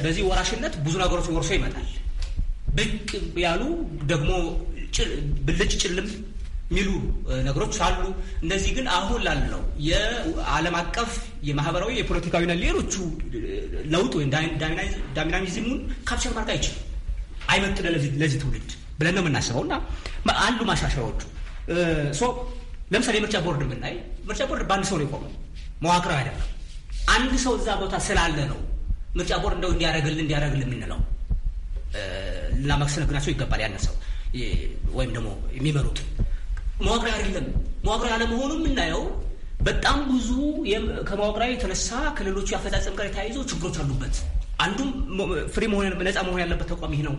በዚህ ወራሽነት ብዙ ነገሮች ወርሶ ይመጣል። ብቅ ያሉ ደግሞ ብልጭ ጭልም የሚሉ ነገሮች አሉ። እነዚህ ግን አሁን ላለው የዓለም አቀፍ የማህበራዊ የፖለቲካዊና ሌሎቹ ለውጥ ወይም ዳይናሚዝሙን ካፕቸር ማድረግ አይችልም፣ አይመጥነ ለዚህ ትውልድ ብለን ነው የምናስበው እና አሉ ማሻሻያዎቹ ለምሳሌ የምርጫ ቦርድ ብናይ ምርጫ ቦርድ በአንድ ሰው ነው የቆመው፣ መዋቅራዊ አይደለም። አንድ ሰው እዛ ቦታ ስላለ ነው ምርጫ ቦርድ እንደው እንዲያደርግልን እንዲያደርግልን የምንለው ልናመሰግናቸው ይገባል። ያን ሰው ወይም ደግሞ የሚመሩት መዋቅራዊ አይደለም። መዋቅራዊ አለመሆኑ የምናየው በጣም ብዙ ከመዋቅራዊ የተነሳ ከሌሎቹ የአፈጻጸም ጋር የተያይዞ ችግሮች አሉበት። አንዱም ፍሪ መሆን ነፃ መሆን ያለበት ተቋም ይህ ነው።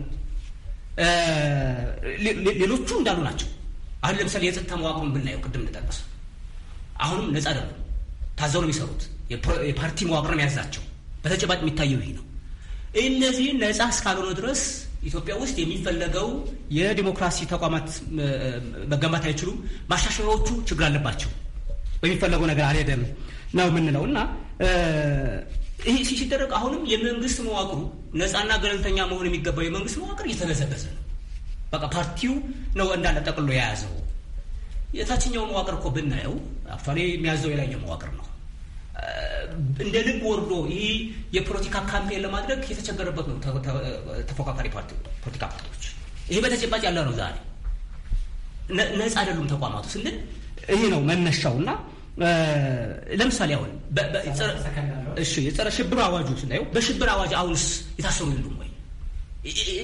ሌሎቹ እንዳሉ ናቸው። አሁን ለምሳሌ የጸጥታ መዋቅሩን ብናየው ቅድም እንደጠቀሱ አሁንም ነጻ አይደሉም። ታዘው ነው የሚሰሩት። የፓርቲ መዋቅር ነው የያዛቸው። በተጨባጭ የሚታየው ይህ ነው። እነዚህ ነጻ እስካልሆነ ድረስ ኢትዮጵያ ውስጥ የሚፈለገው የዲሞክራሲ ተቋማት መገንባት አይችሉም። ማሻሻያዎቹ ችግር አለባቸው። በሚፈለገው ነገር አልሄደም ነው የምንለው እና ይህ ሲደረግ አሁንም የመንግስት መዋቅሩ ነጻና ገለልተኛ መሆን የሚገባው የመንግስት መዋቅር እየተበዘበዘ ነው። በቃ ፓርቲው ነው እንዳለ ጠቅሎ የያዘው። የታችኛው መዋቅር እኮ ብናየው አክቹዋሊ የሚያዘው የላይኛው መዋቅር ነው። እንደ ልብ ወርዶ ይህ የፖለቲካ ካምፔን ለማድረግ የተቸገረበት ነው። ተፎካካሪ ፖለቲካ ፓርቲዎች ይሄ በተጨባጭ ያለ ነው። ዛሬ ነፃ አይደሉም ተቋማቱ ስንል ይሄ ነው መነሻው እና ለምሳሌ አሁን የጸረ ሽብር አዋጁ ስናየው በሽብር አዋጅ አሁንስ የታሰሩ የሉም?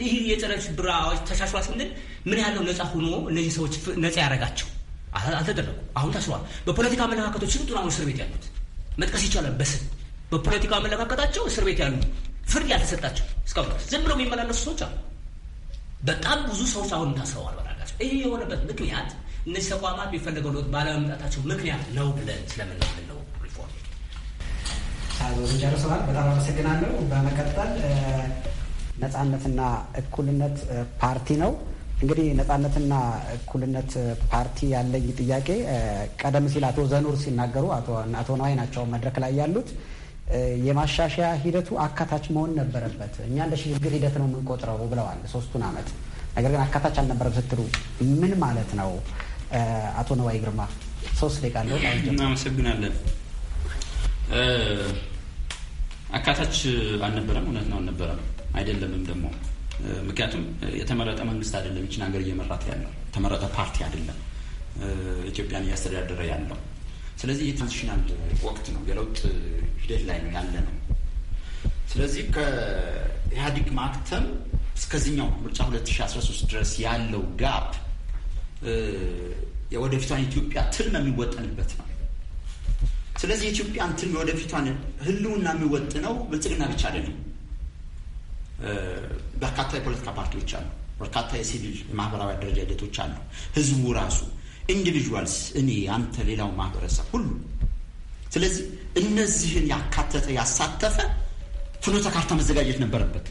ይህ የጸረ ሽብር አዋጅ ተሻሽሏል ስንል ምን ያለው ነፃ ሆኖ እነዚህ ሰዎች ነፃ ያደረጋቸው አልተደረጉ። አሁን ታስሯል። በፖለቲካ አመለካከቶች ስንቱን አሁን እስር ቤት ያሉት መጥቀስ ይቻላል። በስም በፖለቲካ አመለካከታቸው እስር ቤት ያሉ ፍርድ ያልተሰጣቸው እስካሁን ዝም ብለው የሚመላለሱ ሰዎች አሉ። በጣም ብዙ ሰዎች አሁን ታስረዋል በራቃቸው። ይህ የሆነበት ምክንያት እነዚህ ተቋማት የሚፈለገው ለውጥ ባለመምጣታቸው ምክንያት ነው ብለን ስለምናምን ነው። ሪፎርም ጨርሰዋል። በጣም አመሰግናለሁ። በመቀጠል ነጻነትና እኩልነት ፓርቲ ነው። እንግዲህ ነጻነትና እኩልነት ፓርቲ ያለኝ ጥያቄ ቀደም ሲል አቶ ዘኑር ሲናገሩ አቶ ነዋይ ናቸው መድረክ ላይ ያሉት የማሻሻያ ሂደቱ አካታች መሆን ነበረበት። እኛ እንደ ሽግግር ሂደት ነው የምንቆጥረው ብለዋል ሶስቱን ዓመት ነገር ግን አካታች አልነበረም ስትሉ ምን ማለት ነው? አቶ ነዋይ ግርማ ሶስት ደቂቃ አለው። እናመሰግናለን። አካታች አልነበረም፣ እውነት ነው አልነበረም። አይደለምም ደግሞ ምክንያቱም የተመረጠ መንግስት አይደለም ይችን ሀገር እየመራት ያለው የተመረጠ ፓርቲ አይደለም ኢትዮጵያን እያስተዳደረ ያለው። ስለዚህ የትራንዚሽናል ወቅት ነው፣ የለውጥ ሂደት ላይ ነው ያለ ነው። ስለዚህ ከኢህአዲግ ማክተም እስከዚህኛው ምርጫ 2013 ድረስ ያለው ጋፕ የወደፊቷን ኢትዮጵያ ትልም የሚወጠንበት ነው። ስለዚህ የኢትዮጵያን ትልም የወደፊቷን ህልውና የሚወጥነው ብልጽግና ብቻ አይደለም። በርካታ የፖለቲካ ፓርቲዎች አሉ። በርካታ የሲቪል የማህበራዊ አደረጃጀቶች አሉ። ህዝቡ ራሱ ኢንዲቪጁዋልስ፣ እኔ፣ አንተ፣ ሌላው ማህበረሰብ ሁሉ። ስለዚህ እነዚህን ያካተተ ያሳተፈ ፍኖተ ካርታ መዘጋጀት ነበረበት።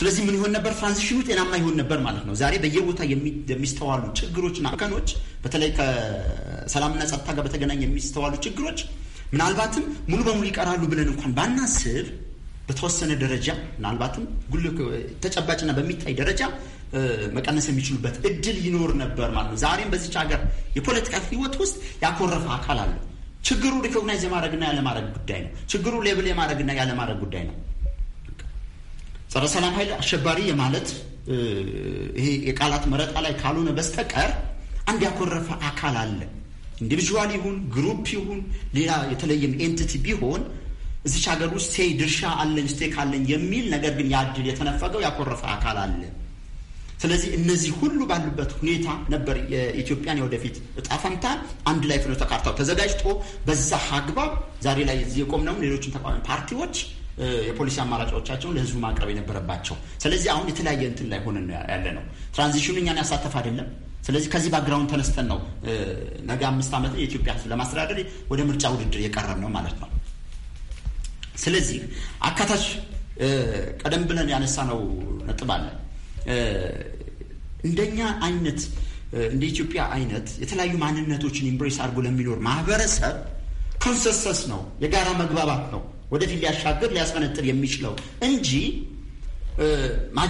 ስለዚህ ምን ይሆን ነበር? ትራንዚሽኑ ጤናማ ይሆን ነበር ማለት ነው። ዛሬ በየቦታ የሚስተዋሉ ችግሮችና ቀኖች በተለይ ከሰላምና ጸጥታ ጋር በተገናኘ የሚስተዋሉ ችግሮች ምናልባትም ሙሉ በሙሉ ይቀራሉ ብለን እንኳን ባናስብ በተወሰነ ደረጃ ምናልባትም ተጨባጭና በሚታይ ደረጃ መቀነስ የሚችሉበት እድል ይኖር ነበር ማለት ነው። ዛሬም በዚች ሀገር የፖለቲካ ህይወት ውስጥ ያኮረፈ አካል አለ። ችግሩ ሪኮግናይዝ የማድረግና ያለማድረግ ጉዳይ ነው። ችግሩ ሌብል የማድረግና ያለማድረግ ጉዳይ ነው። ጸረ ሰላም ኃይል አሸባሪ የማለት ይሄ የቃላት መረጣ ላይ ካልሆነ በስተቀር አንድ ያኮረፈ አካል አለ። ኢንዲቪዥዋል ይሁን ግሩፕ ይሁን ሌላ የተለየም ኤንቲቲ ቢሆን እዚች ሀገር ውስጥ ሴይ ድርሻ አለኝ ስቴክ አለኝ የሚል ነገር ግን ያድል የተነፈገው ያኮረፈ አካል አለ። ስለዚህ እነዚህ ሁሉ ባሉበት ሁኔታ ነበር የኢትዮጵያን የወደፊት እጣ ፈንታ አንድ ላይ ፍኖተ ካርታው ተዘጋጅቶ በዛ አግባብ ዛሬ ላይ እዚህ የቆምነውን ሌሎችን ተቃዋሚ ፓርቲዎች የፖሊሲ አማራጮቻቸውን ለህዝቡ ማቅረብ የነበረባቸው። ስለዚህ አሁን የተለያየ እንትን ላይ ሆነን ያለ ነው። ትራንዚሽኑ እኛን ያሳተፍ አይደለም። ስለዚህ ከዚህ ባክግራውንድ ተነስተን ነው ነገ አምስት ዓመት የኢትዮጵያ ሕዝብ ለማስተዳደር ወደ ምርጫ ውድድር የቀረብ ነው ማለት ነው። ስለዚህ አካታች ቀደም ብለን ያነሳ ነው ነጥብ አለ። እንደኛ አይነት እንደ ኢትዮጵያ አይነት የተለያዩ ማንነቶችን ኢምብሬስ አድርጎ ለሚኖር ማህበረሰብ ኮንሰንሰስ ነው የጋራ መግባባት ነው ወደፊት ሊያሻግር ሊያስፈነጥር የሚችለው እንጂ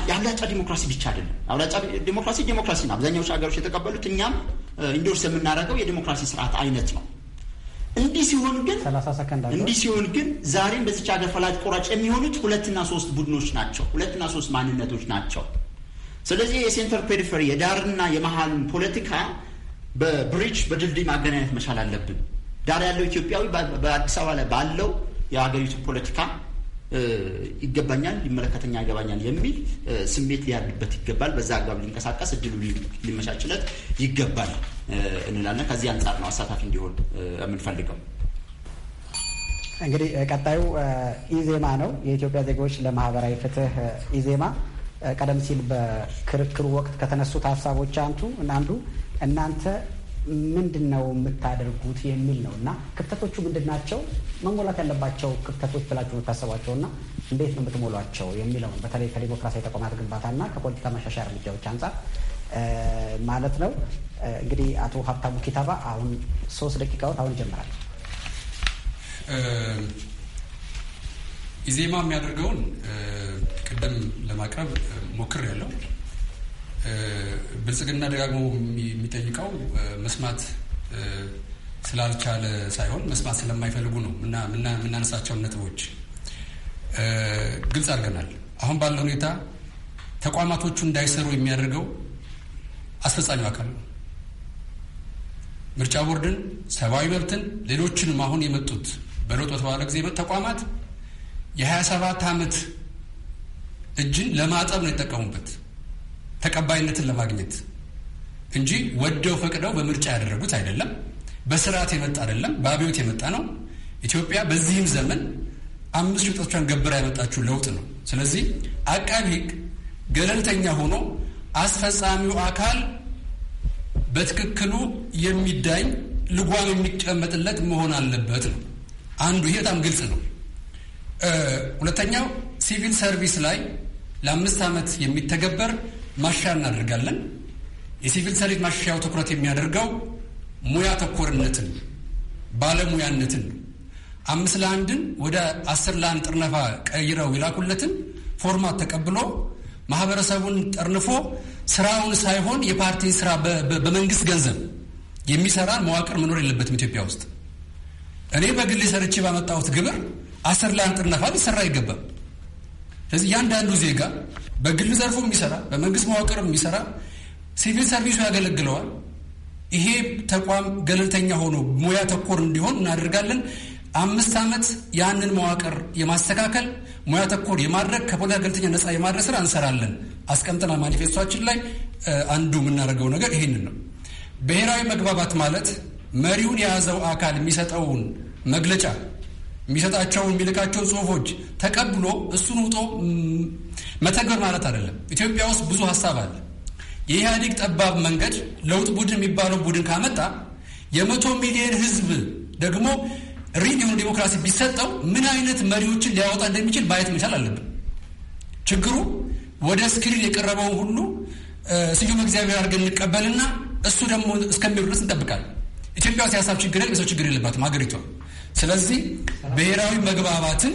የአብላጫ ዲሞክራሲ ብቻ አይደለም። አብላጫ ዲሞክራሲ ዲሞክራሲ ነው። አብዛኛዎቹ ሀገሮች የተቀበሉት እኛም ኢንዶርስ የምናደርገው የዲሞክራሲ ስርዓት አይነት ነው። እንዲህ ሲሆን ግን እንዲህ ሲሆን ግን ዛሬም በዚች ሀገር ፈላጭ ቆራጭ የሚሆኑት ሁለትና ሶስት ቡድኖች ናቸው። ሁለትና ሶስት ማንነቶች ናቸው። ስለዚህ የሴንተር ፔሪፈሪ የዳርና የመሀልን ፖለቲካ በብሪጅ በድልድይ ማገናኘት መቻል አለብን። ዳር ያለው ኢትዮጵያዊ በአዲስ አበባ ላይ ባለው የሀገሪቱ ፖለቲካ ይገባኛል፣ ይመለከተኛ ይገባኛል የሚል ስሜት ሊያድበት ይገባል። በዛ አግባብ ሊንቀሳቀስ እድሉ ሊመቻችለት ይገባል እንላለን። ከዚህ አንጻር ነው አሳታፊ እንዲሆን የምንፈልገው። እንግዲህ ቀጣዩ ኢዜማ ነው፣ የኢትዮጵያ ዜጎች ለማህበራዊ ፍትህ ኢዜማ። ቀደም ሲል በክርክሩ ወቅት ከተነሱት ሀሳቦች አንዱ እናንተ ምንድን ነው የምታደርጉት የሚል ነው እና ክፍተቶቹ ምንድን ናቸው? መሞላት ያለባቸው ክፍተቶች ብላችሁ የምታስባቸው እና እንዴት ነው የምትሞሏቸው የሚለውን በተለይ ከዲሞክራሲያዊ ተቋማት ግንባታና ከፖለቲካ መሻሻያ እርምጃዎች አንጻር ማለት ነው። እንግዲህ አቶ ሀብታሙ ኪታባ አሁን ሶስት ደቂቃዎት አሁን ይጀምራል። ኢዜማ የሚያደርገውን ቅድም ለማቅረብ ሞክር ያለው ብልጽግና ደጋግሞ የሚጠይቀው መስማት ስላልቻለ ሳይሆን መስማት ስለማይፈልጉ ነው። የምናነሳቸውን ነጥቦች ግልጽ አድርገናል። አሁን ባለ ሁኔታ ተቋማቶቹ እንዳይሰሩ የሚያደርገው አስፈጻሚ አካል ነው። ምርጫ ቦርድን፣ ሰብአዊ መብትን፣ ሌሎችንም አሁን የመጡት በለውጥ በተባለ ጊዜ የመጡ ተቋማት የ27 ዓመት እጅን ለማጠብ ነው የጠቀሙበት። ተቀባይነትን ለማግኘት እንጂ ወደው ፈቅደው በምርጫ ያደረጉት አይደለም። በስርዓት የመጣ አይደለም፣ በአብዮት የመጣ ነው። ኢትዮጵያ በዚህም ዘመን አምስት ሽጦቿን ገብራ ያመጣችው ለውጥ ነው። ስለዚህ አቃቢ ህግ ገለልተኛ ሆኖ አስፈጻሚው አካል በትክክሉ የሚዳኝ ልጓም የሚቀመጥለት መሆን አለበት ነው አንዱ። ይሄ በጣም ግልጽ ነው። ሁለተኛው ሲቪል ሰርቪስ ላይ ለአምስት ዓመት የሚተገበር ማሻ እናደርጋለን። የሲቪል ሰርቪስ ማሻሻያው ትኩረት የሚያደርገው ሙያ ተኮርነትን፣ ባለሙያነትን አምስት ለአንድን ወደ አስር ለአንድ ጥርነፋ ቀይረው የላኩለትን ፎርማት ተቀብሎ ማህበረሰቡን ጠርንፎ ስራውን ሳይሆን የፓርቲ ስራ በመንግስት ገንዘብ የሚሰራን መዋቅር መኖር የለበትም ኢትዮጵያ ውስጥ። እኔ በግል ሰርቼ ባመጣሁት ግብር አስር ለአንድ ጥርነፋ ሊሰራ አይገባም። ስለዚህ እያንዳንዱ ዜጋ በግል ዘርፉ የሚሰራ በመንግስት መዋቅር የሚሰራ ሲቪል ሰርቪሱ ያገለግለዋል። ይሄ ተቋም ገለልተኛ ሆኖ ሙያ ተኮር እንዲሆን እናደርጋለን። አምስት ዓመት ያንን መዋቅር የማስተካከል ሙያ ተኮር የማድረግ ከፖለቲካ ገለልተኛ ነፃ የማድረግ ስራ እንሰራለን። አስቀምጠና ማኒፌስቶችን ላይ አንዱ የምናደርገው ነገር ይህንን ነው። ብሔራዊ መግባባት ማለት መሪውን የያዘው አካል የሚሰጠውን መግለጫ የሚሰጣቸውን የሚልካቸውን ጽሁፎች ተቀብሎ እሱን ውጦ መተግበር ማለት አይደለም። ኢትዮጵያ ውስጥ ብዙ ሀሳብ አለ። የኢህአዴግ ጠባብ መንገድ ለውጥ ቡድን የሚባለው ቡድን ካመጣ የመቶ ሚሊዮን ህዝብ ደግሞ ሪል የሆነ ዲሞክራሲ ቢሰጠው ምን አይነት መሪዎችን ሊያወጣ እንደሚችል ማየት መቻል አለብን። ችግሩ ወደ ስክሪን የቀረበው ሁሉ ስዩም እግዚአብሔር አድርገን እንቀበልና እሱ ደግሞ እስከሚወድ ድረስ እንጠብቃለን። ኢትዮጵያ ውስጥ የሀሳብ ችግር የለም፣ የሰው ችግር የለባትም ሀገሪቷ። ስለዚህ ብሔራዊ መግባባትን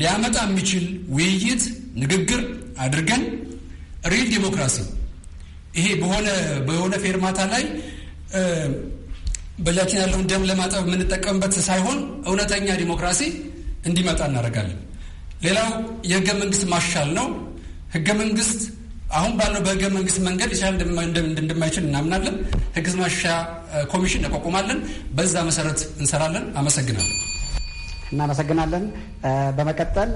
ሊያመጣ የሚችል ውይይት፣ ንግግር አድርገን ሪል ዲሞክራሲ ይሄ በሆነ በሆነ ፌርማታ ላይ በእጃችን ያለውን ደም ለማጠብ የምንጠቀምበት ሳይሆን እውነተኛ ዲሞክራሲ እንዲመጣ እናደርጋለን። ሌላው የህገ መንግስት ማሻል ነው። ህገ መንግስት አሁን ባለው በህገ መንግስት መንገድ ይቻል እንደማይችል እናምናለን። ህግ ማሻ ኮሚሽን እናቋቁማለን። በዛ መሰረት እንሰራለን። አመሰግናለሁ። እናመሰግናለን። በመቀጠል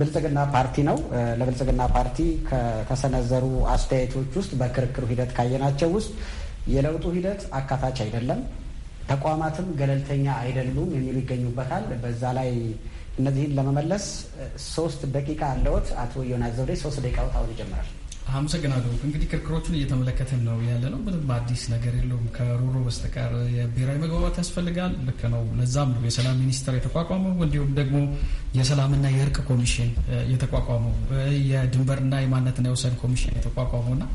ብልጽግና ፓርቲ ነው። ለብልጽግና ፓርቲ ከተሰነዘሩ አስተያየቶች ውስጥ በክርክሩ ሂደት ካየናቸው ውስጥ የለውጡ ሂደት አካታች አይደለም፣ ተቋማትም ገለልተኛ አይደሉም የሚሉ ይገኙበታል። በዛ ላይ እነዚህን ለመመለስ ሶስት ደቂቃ አለዎት አቶ ዮናስ ዘብዴ። ሶስት ደቂቃ አሁን ይጀምራል። አመሰግናለሁ። እንግዲህ ክርክሮቹን እየተመለከትን ነው ያለ ነው። ምንም አዲስ ነገር የለውም ከሮሮ በስተቀር የብሔራዊ መግባባት ያስፈልጋል። ልክ ነው። ለዛም ነው የሰላም ሚኒስቴር የተቋቋመው፣ እንዲሁም ደግሞ የሰላምና የእርቅ ኮሚሽን የተቋቋመው፣ የድንበርና የማንነትና የወሰን ኮሚሽን የተቋቋመው እና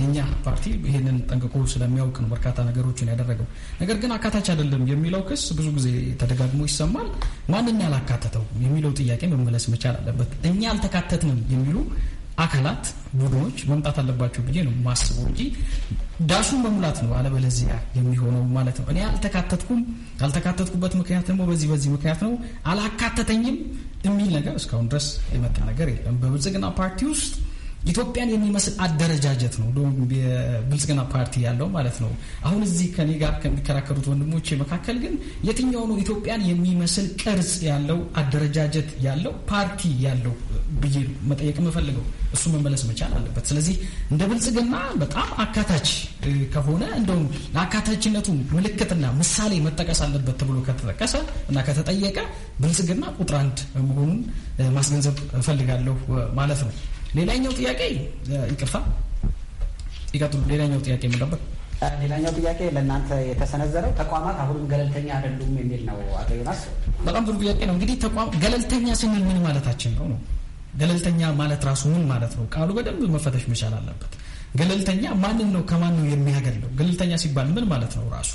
የእኛ ፓርቲ ይህንን ጠንቅቆ ስለሚያውቅ ነው በርካታ ነገሮችን ያደረገው። ነገር ግን አካታች አይደለም የሚለው ክስ ብዙ ጊዜ ተደጋግሞ ይሰማል። ማንን ያላካተተው የሚለው ጥያቄ መመለስ መቻል አለበት። እኛ አልተካተትንም የሚሉ አካላት፣ ቡድኖች መምጣት አለባቸው ብዬ ነው ማስበው እንጂ ዳሱን በሙላት ነው አለበለዚያ የሚሆነው ማለት ነው። እኔ አልተካተትኩም። ያልተካተትኩበት ምክንያት ደግሞ በዚህ በዚህ ምክንያት ነው አላካተተኝም የሚል ነገር እስካሁን ድረስ የመጣ ነገር የለም በብልጽግና ፓርቲ ውስጥ ኢትዮጵያን የሚመስል አደረጃጀት ነው የብልጽግና ፓርቲ ያለው ማለት ነው። አሁን እዚህ ከኔ ጋር ከሚከራከሩት ወንድሞቼ መካከል ግን የትኛው ነው ኢትዮጵያን የሚመስል ቅርጽ ያለው አደረጃጀት ያለው ፓርቲ ያለው ብዬ መጠየቅ የምፈልገው እሱ መመለስ መቻል አለበት። ስለዚህ እንደ ብልጽግና በጣም አካታች ከሆነ እንደውም ለአካታችነቱ ምልክትና ምሳሌ መጠቀስ አለበት ተብሎ ከተጠቀሰ እና ከተጠየቀ ብልጽግና ቁጥር አንድ መሆኑን ማስገንዘብ እፈልጋለሁ ማለት ነው። ሌላኛው ጥያቄ ይቅርታ፣ ይቀጥሉ። ሌላኛው ጥያቄ ምን ሌላኛው ጥያቄ ለእናንተ የተሰነዘረው ተቋማት አሁንም ገለልተኛ አይደሉም የሚል ነው። አቶ ዮናስ፣ በጣም ጥሩ ጥያቄ ነው። እንግዲህ ተቋም ገለልተኛ ስንል ምን ማለታችን ነው ነው ገለልተኛ ማለት ራሱ ምን ማለት ነው? ቃሉ በደንብ መፈተሽ መቻል አለበት። ገለልተኛ ማንን ነው ከማን ነው የሚያገለው? ገለልተኛ ሲባል ምን ማለት ነው ራሱ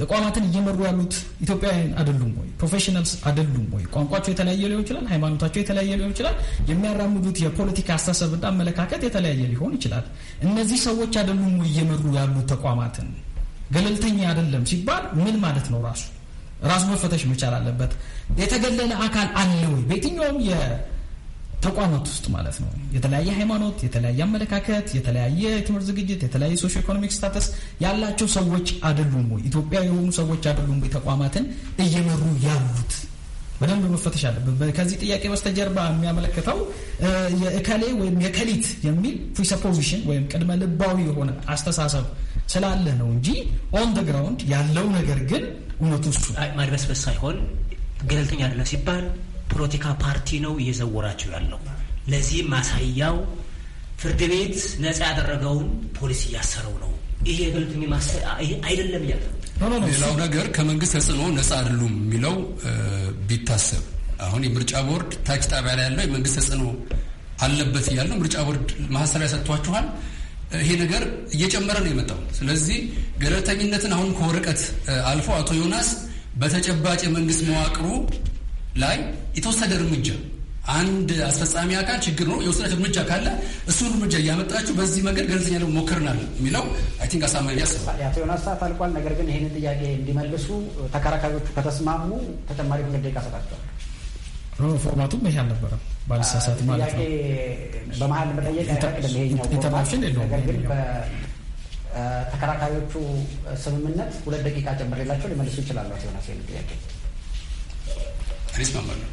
ተቋማትን እየመሩ ያሉት ኢትዮጵያውያን አይደሉም ወይ? ፕሮፌሽናልስ አይደሉም ወይ? ቋንቋቸው የተለያየ ሊሆን ይችላል። ሃይማኖታቸው የተለያየ ሊሆን ይችላል። የሚያራምዱት የፖለቲካ አስተሳሰብና አመለካከት የተለያየ ሊሆን ይችላል። እነዚህ ሰዎች አይደሉም ወይ እየመሩ ያሉት ተቋማትን? ገለልተኛ አይደለም ሲባል ምን ማለት ነው? ራሱ ራሱ መፈተሽ መቻል አለበት። የተገለለ አካል አለ ወይ በየትኛውም ተቋማት ውስጥ ማለት ነው። የተለያየ ሃይማኖት፣ የተለያየ አመለካከት፣ የተለያየ ትምህርት ዝግጅት፣ የተለያየ ሶሽ ኢኮኖሚክ ስታተስ ያላቸው ሰዎች አይደሉም ወይ? ኢትዮጵያ የሆኑ ሰዎች አይደሉም ወይ? ተቋማትን እየመሩ ያሉት በደንብ መፈተሽ አለብን። ከዚህ ጥያቄ በስተጀርባ የሚያመለክተው የእከሌ ወይም የከሊት የሚል ፕሪሰፖዚሽን ወይም ቅድመ ልባዊ የሆነ አስተሳሰብ ስላለ ነው እንጂ ኦን ደ ግራውንድ ያለው ነገር ግን እውነቱ እሱ ማድበስበስ ሳይሆን ገለልተኛ አይደለም ሲባል ፖለቲካ ፓርቲ ነው እየዘወራቸው ያለው። ለዚህም ማሳያው ፍርድ ቤት ነጻ ያደረገውን ፖሊስ እያሰረው ነው። ይሄ አይደለም እያለ ሌላው ነገር ከመንግስት ተጽዕኖ ነጻ አይደሉም የሚለው ቢታሰብ አሁን የምርጫ ቦርድ ታች ጣቢያ ላይ ያለው የመንግስት ተጽዕኖ አለበት እያለው ምርጫ ቦርድ ማሰሪያ ሰጥቷችኋል። ይሄ ነገር እየጨመረ ነው የመጣው። ስለዚህ ገለልተኝነትን አሁን ከወረቀት አልፎ አቶ ዮናስ በተጨባጭ የመንግስት መዋቅሩ ላይ የተወሰደ እርምጃ አንድ አስፈጻሚ አካል ችግር ነው የወሰዳቸው እርምጃ ካለ እሱን እርምጃ እያመጣችሁ በዚህ መንገድ ገለልተኛ ደግሞ ሞክርናል የሚለው አይ ቲንክ አሳማኝ ያስባል። አቶ ዮናስ ሰዓት አልቋል። ነገር ግን ይህንን ጥያቄ እንዲመልሱ ተከራካሪዎቹ ከተስማሙ ተጨማሪ ሁለት ደቂቃ ሰጣቸዋል። ፎርማቱም ይሄ አልነበረም ባልሳሳት ማለት ነው። በመሀል መጠየቅ አይፈቅድም ይሄኛው ኢንተራፕሽን የለውም። ነገር ግን በተከራካሪዎቹ ስምምነት ሁለት ደቂቃ ጨምሬላቸው ሊመልሱ ይችላሉ። አቶ ዮናስ ይህን ጥያቄ እኔስ መመር ነው።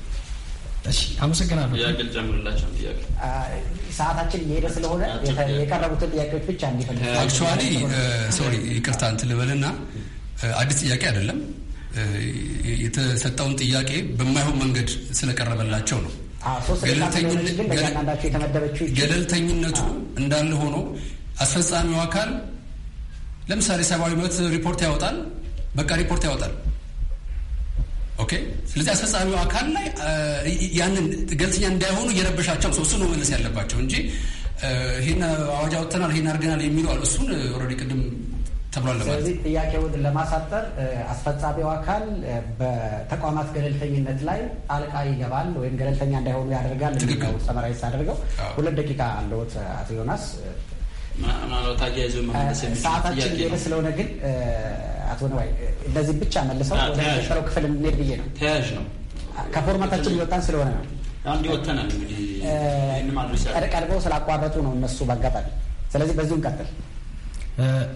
አመሰግናለሁ። ያቅል ጨምርላቸው ጥያቄ ሰዓታችን እየሄደ ስለሆነ የቀረቡትን ጥያቄዎች ብቻ እንዲፈልግ አክቹዋሊ ሶሪ ይቅርታ እንትን ልበልና አዲስ ጥያቄ አይደለም የተሰጠውን ጥያቄ በማይሆን መንገድ ስለቀረበላቸው ነው። ገለልተኝነቱ እንዳለ ሆኖ አስፈጻሚው አካል ለምሳሌ ሰብአዊ መብት ሪፖርት ያወጣል። በቃ ሪፖርት ያወጣል። ኦኬ። ስለዚህ አስፈጻሚው አካል ላይ ያንን ገለልተኛ እንዳይሆኑ እየረበሻቸው ሰው እሱ ነው መመለስ ያለባቸው እንጂ ይህን አዋጅ አውጥተናል ይህን አድርገናል የሚለዋል እሱን ኦልሬዲ ቅድም ተብሏል። ስለዚህ ጥያቄውን ለማሳጠር አስፈጻሚው አካል በተቋማት ገለልተኝነት ላይ ጣልቃ ይገባል ወይም ገለልተኛ እንዳይሆኑ ያደርጋል። ሰመራዊ ሳደርገው ሁለት ደቂቃ አለዎት አቶ ዮናስ ሰዓታችን ሌለ ስለሆነ ግን አቶ ነዋይ እንደዚህ ብቻ መልሰው ወደሚቀጥለው ክፍል እንሄድ ብዬ ነው። ተያያዥ ነው። ከፎርማታችን ይወጣን ስለሆነ ነው። አንድ ይወተናል እንግዲህ ቀድቀድበው ስላቋረጡ ነው እነሱ በአጋጣሚ። ስለዚህ በዚሁ እንቀጥል።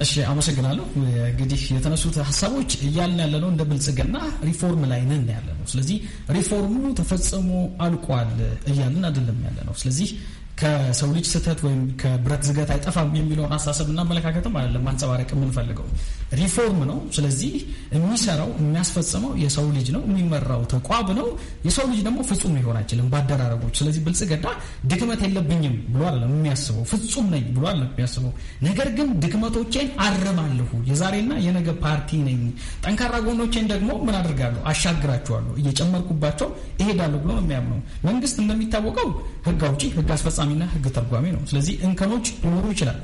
እሺ አመሰግናለሁ። እንግዲህ የተነሱት ሀሳቦች እያልን ያለ ነው እንደ ብልጽግና ሪፎርም ላይ ነን ያለ ነው። ስለዚህ ሪፎርሙ ተፈጽሞ አልቋል እያልን አይደለም ያለ ነው። ስለዚህ ከሰው ልጅ ስህተት ወይም ከብረት ዝገት አይጠፋም የሚለውን አስተሳሰብ እና አመለካከትም አይደለም ማንጸባረቅ የምንፈልገው ሪፎርም ነው። ስለዚህ የሚሰራው የሚያስፈጽመው የሰው ልጅ ነው፣ የሚመራው ተቋም ነው። የሰው ልጅ ደግሞ ፍጹም ሊሆን አይችልም በአደራረጎች። ስለዚህ ብልጽግና ድክመት የለብኝም ብሎ አለ የሚያስበው፣ ፍጹም ነኝ ብሎ አለ የሚያስበው። ነገር ግን ድክመቶቼን አርማለሁ፣ የዛሬና የነገ ፓርቲ ነኝ። ጠንካራ ጎኖቼን ደግሞ ምን አድርጋለሁ? አሻግራቸዋለሁ፣ እየጨመርኩባቸው እሄዳለሁ ብሎ ነው የሚያምነው። መንግስት እንደሚታወቀው ህግ አውጪ፣ ህግ አስፈጻሚ ፈጻሚና ህግ ተርጓሚ ነው። ስለዚህ እንከኖች ሊኖሩ ይችላሉ።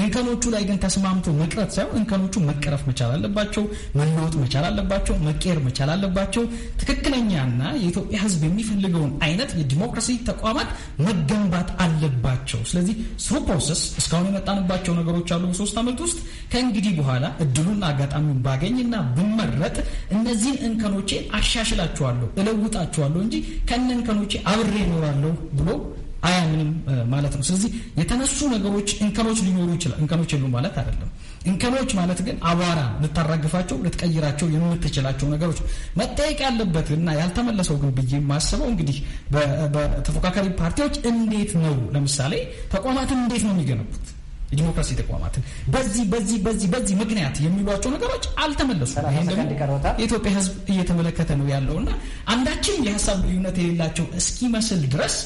እንከኖቹ ላይ ግን ተስማምቶ መቅረት ሳይሆን እንከኖቹ መቀረፍ መቻል አለባቸው፣ መለወጥ መቻል አለባቸው፣ መቀየር መቻል አለባቸው። ትክክለኛና የኢትዮጵያ ህዝብ የሚፈልገውን አይነት የዲሞክራሲ ተቋማት መገንባት አለባቸው። ስለዚህ ስሩ ፕሮሰስ እስካሁን የመጣንባቸው ነገሮች አሉ። በሶስት ዓመት ውስጥ ከእንግዲህ በኋላ እድሉን አጋጣሚውን ባገኝና ብመረጥ እነዚህን እንከኖቼ አሻሽላቸዋለሁ፣ እለውጣቸዋለሁ እንጂ ከነ እንከኖቼ አብሬ እኖራለሁ ብሎ አያምንም ማለት ነው። ስለዚህ የተነሱ ነገሮች እንከኖች ሊኖሩ ይችላል። እንከኖች የሉም ማለት አይደለም። እንከኖች ማለት ግን አቧራ ልታራግፋቸው፣ ልትቀይራቸው የምትችላቸው ነገሮች መጠየቅ ያለበት እና ያልተመለሰው ግን ብዬ የማስበው እንግዲህ በተፎካካሪ ፓርቲዎች እንዴት ነው ለምሳሌ ተቋማትን እንዴት ነው የሚገነቡት የዲሞክራሲ ተቋማትን በዚህ በዚህ በዚህ በዚህ ምክንያት የሚሏቸው ነገሮች አልተመለሱም። ይህን ደግሞ የኢትዮጵያ ሕዝብ እየተመለከተ ነው ያለውእና አንዳችም የሀሳብ ልዩነት የሌላቸው እስኪመስል ድረስ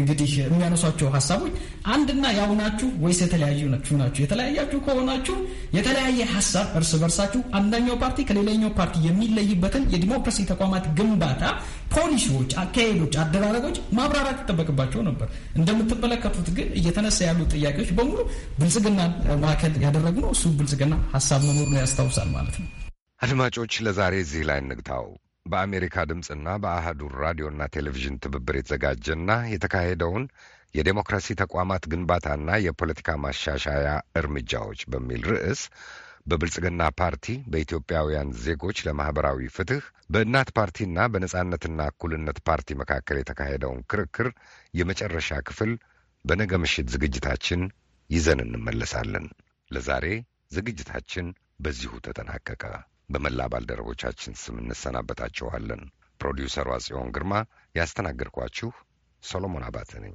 እንግዲህ የሚያነሷቸው ሀሳቦች አንድና ያው ናችሁ ወይስ የተለያዩ ናችሁ ናችሁ? የተለያያችሁ ከሆናችሁ የተለያየ ሀሳብ እርስ በርሳችሁ አንደኛው ፓርቲ ከሌላኛው ፓርቲ የሚለይበትን የዲሞክራሲ ተቋማት ግንባታ ፖሊሲዎች፣ አካሄዶች፣ አደራረጎች ማብራራት ይጠበቅባቸው ነበር። እንደምትመለከቱት ግን እየተነሳ ያሉ ጥያቄዎች በሙሉ ብልጽግና ማዕከል ነው። እሱ ብልጽግና ሀሳብ መኖሩን ያስታውሳል ማለት ነው። አድማጮች ለዛሬ እዚህ ላይ እንግታው። በአሜሪካ ድምፅና በአህዱ ራዲዮና ቴሌቪዥን ትብብር የተዘጋጀና የተካሄደውን የዴሞክራሲ ተቋማት ግንባታና የፖለቲካ ማሻሻያ እርምጃዎች በሚል ርዕስ በብልጽግና ፓርቲ በኢትዮጵያውያን ዜጎች ለማኅበራዊ ፍትሕ በእናት ፓርቲና በነጻነትና እኩልነት ፓርቲ መካከል የተካሄደውን ክርክር የመጨረሻ ክፍል በነገ ምሽት ዝግጅታችን ይዘን እንመለሳለን። ለዛሬ ዝግጅታችን በዚሁ ተጠናቀቀ። በመላ ባልደረቦቻችን ስም እንሰናበታችኋለን። ፕሮዲውሰሯ ጽዮን ግርማ፣ ያስተናገድኳችሁ ሰሎሞን አባተ ነኝ።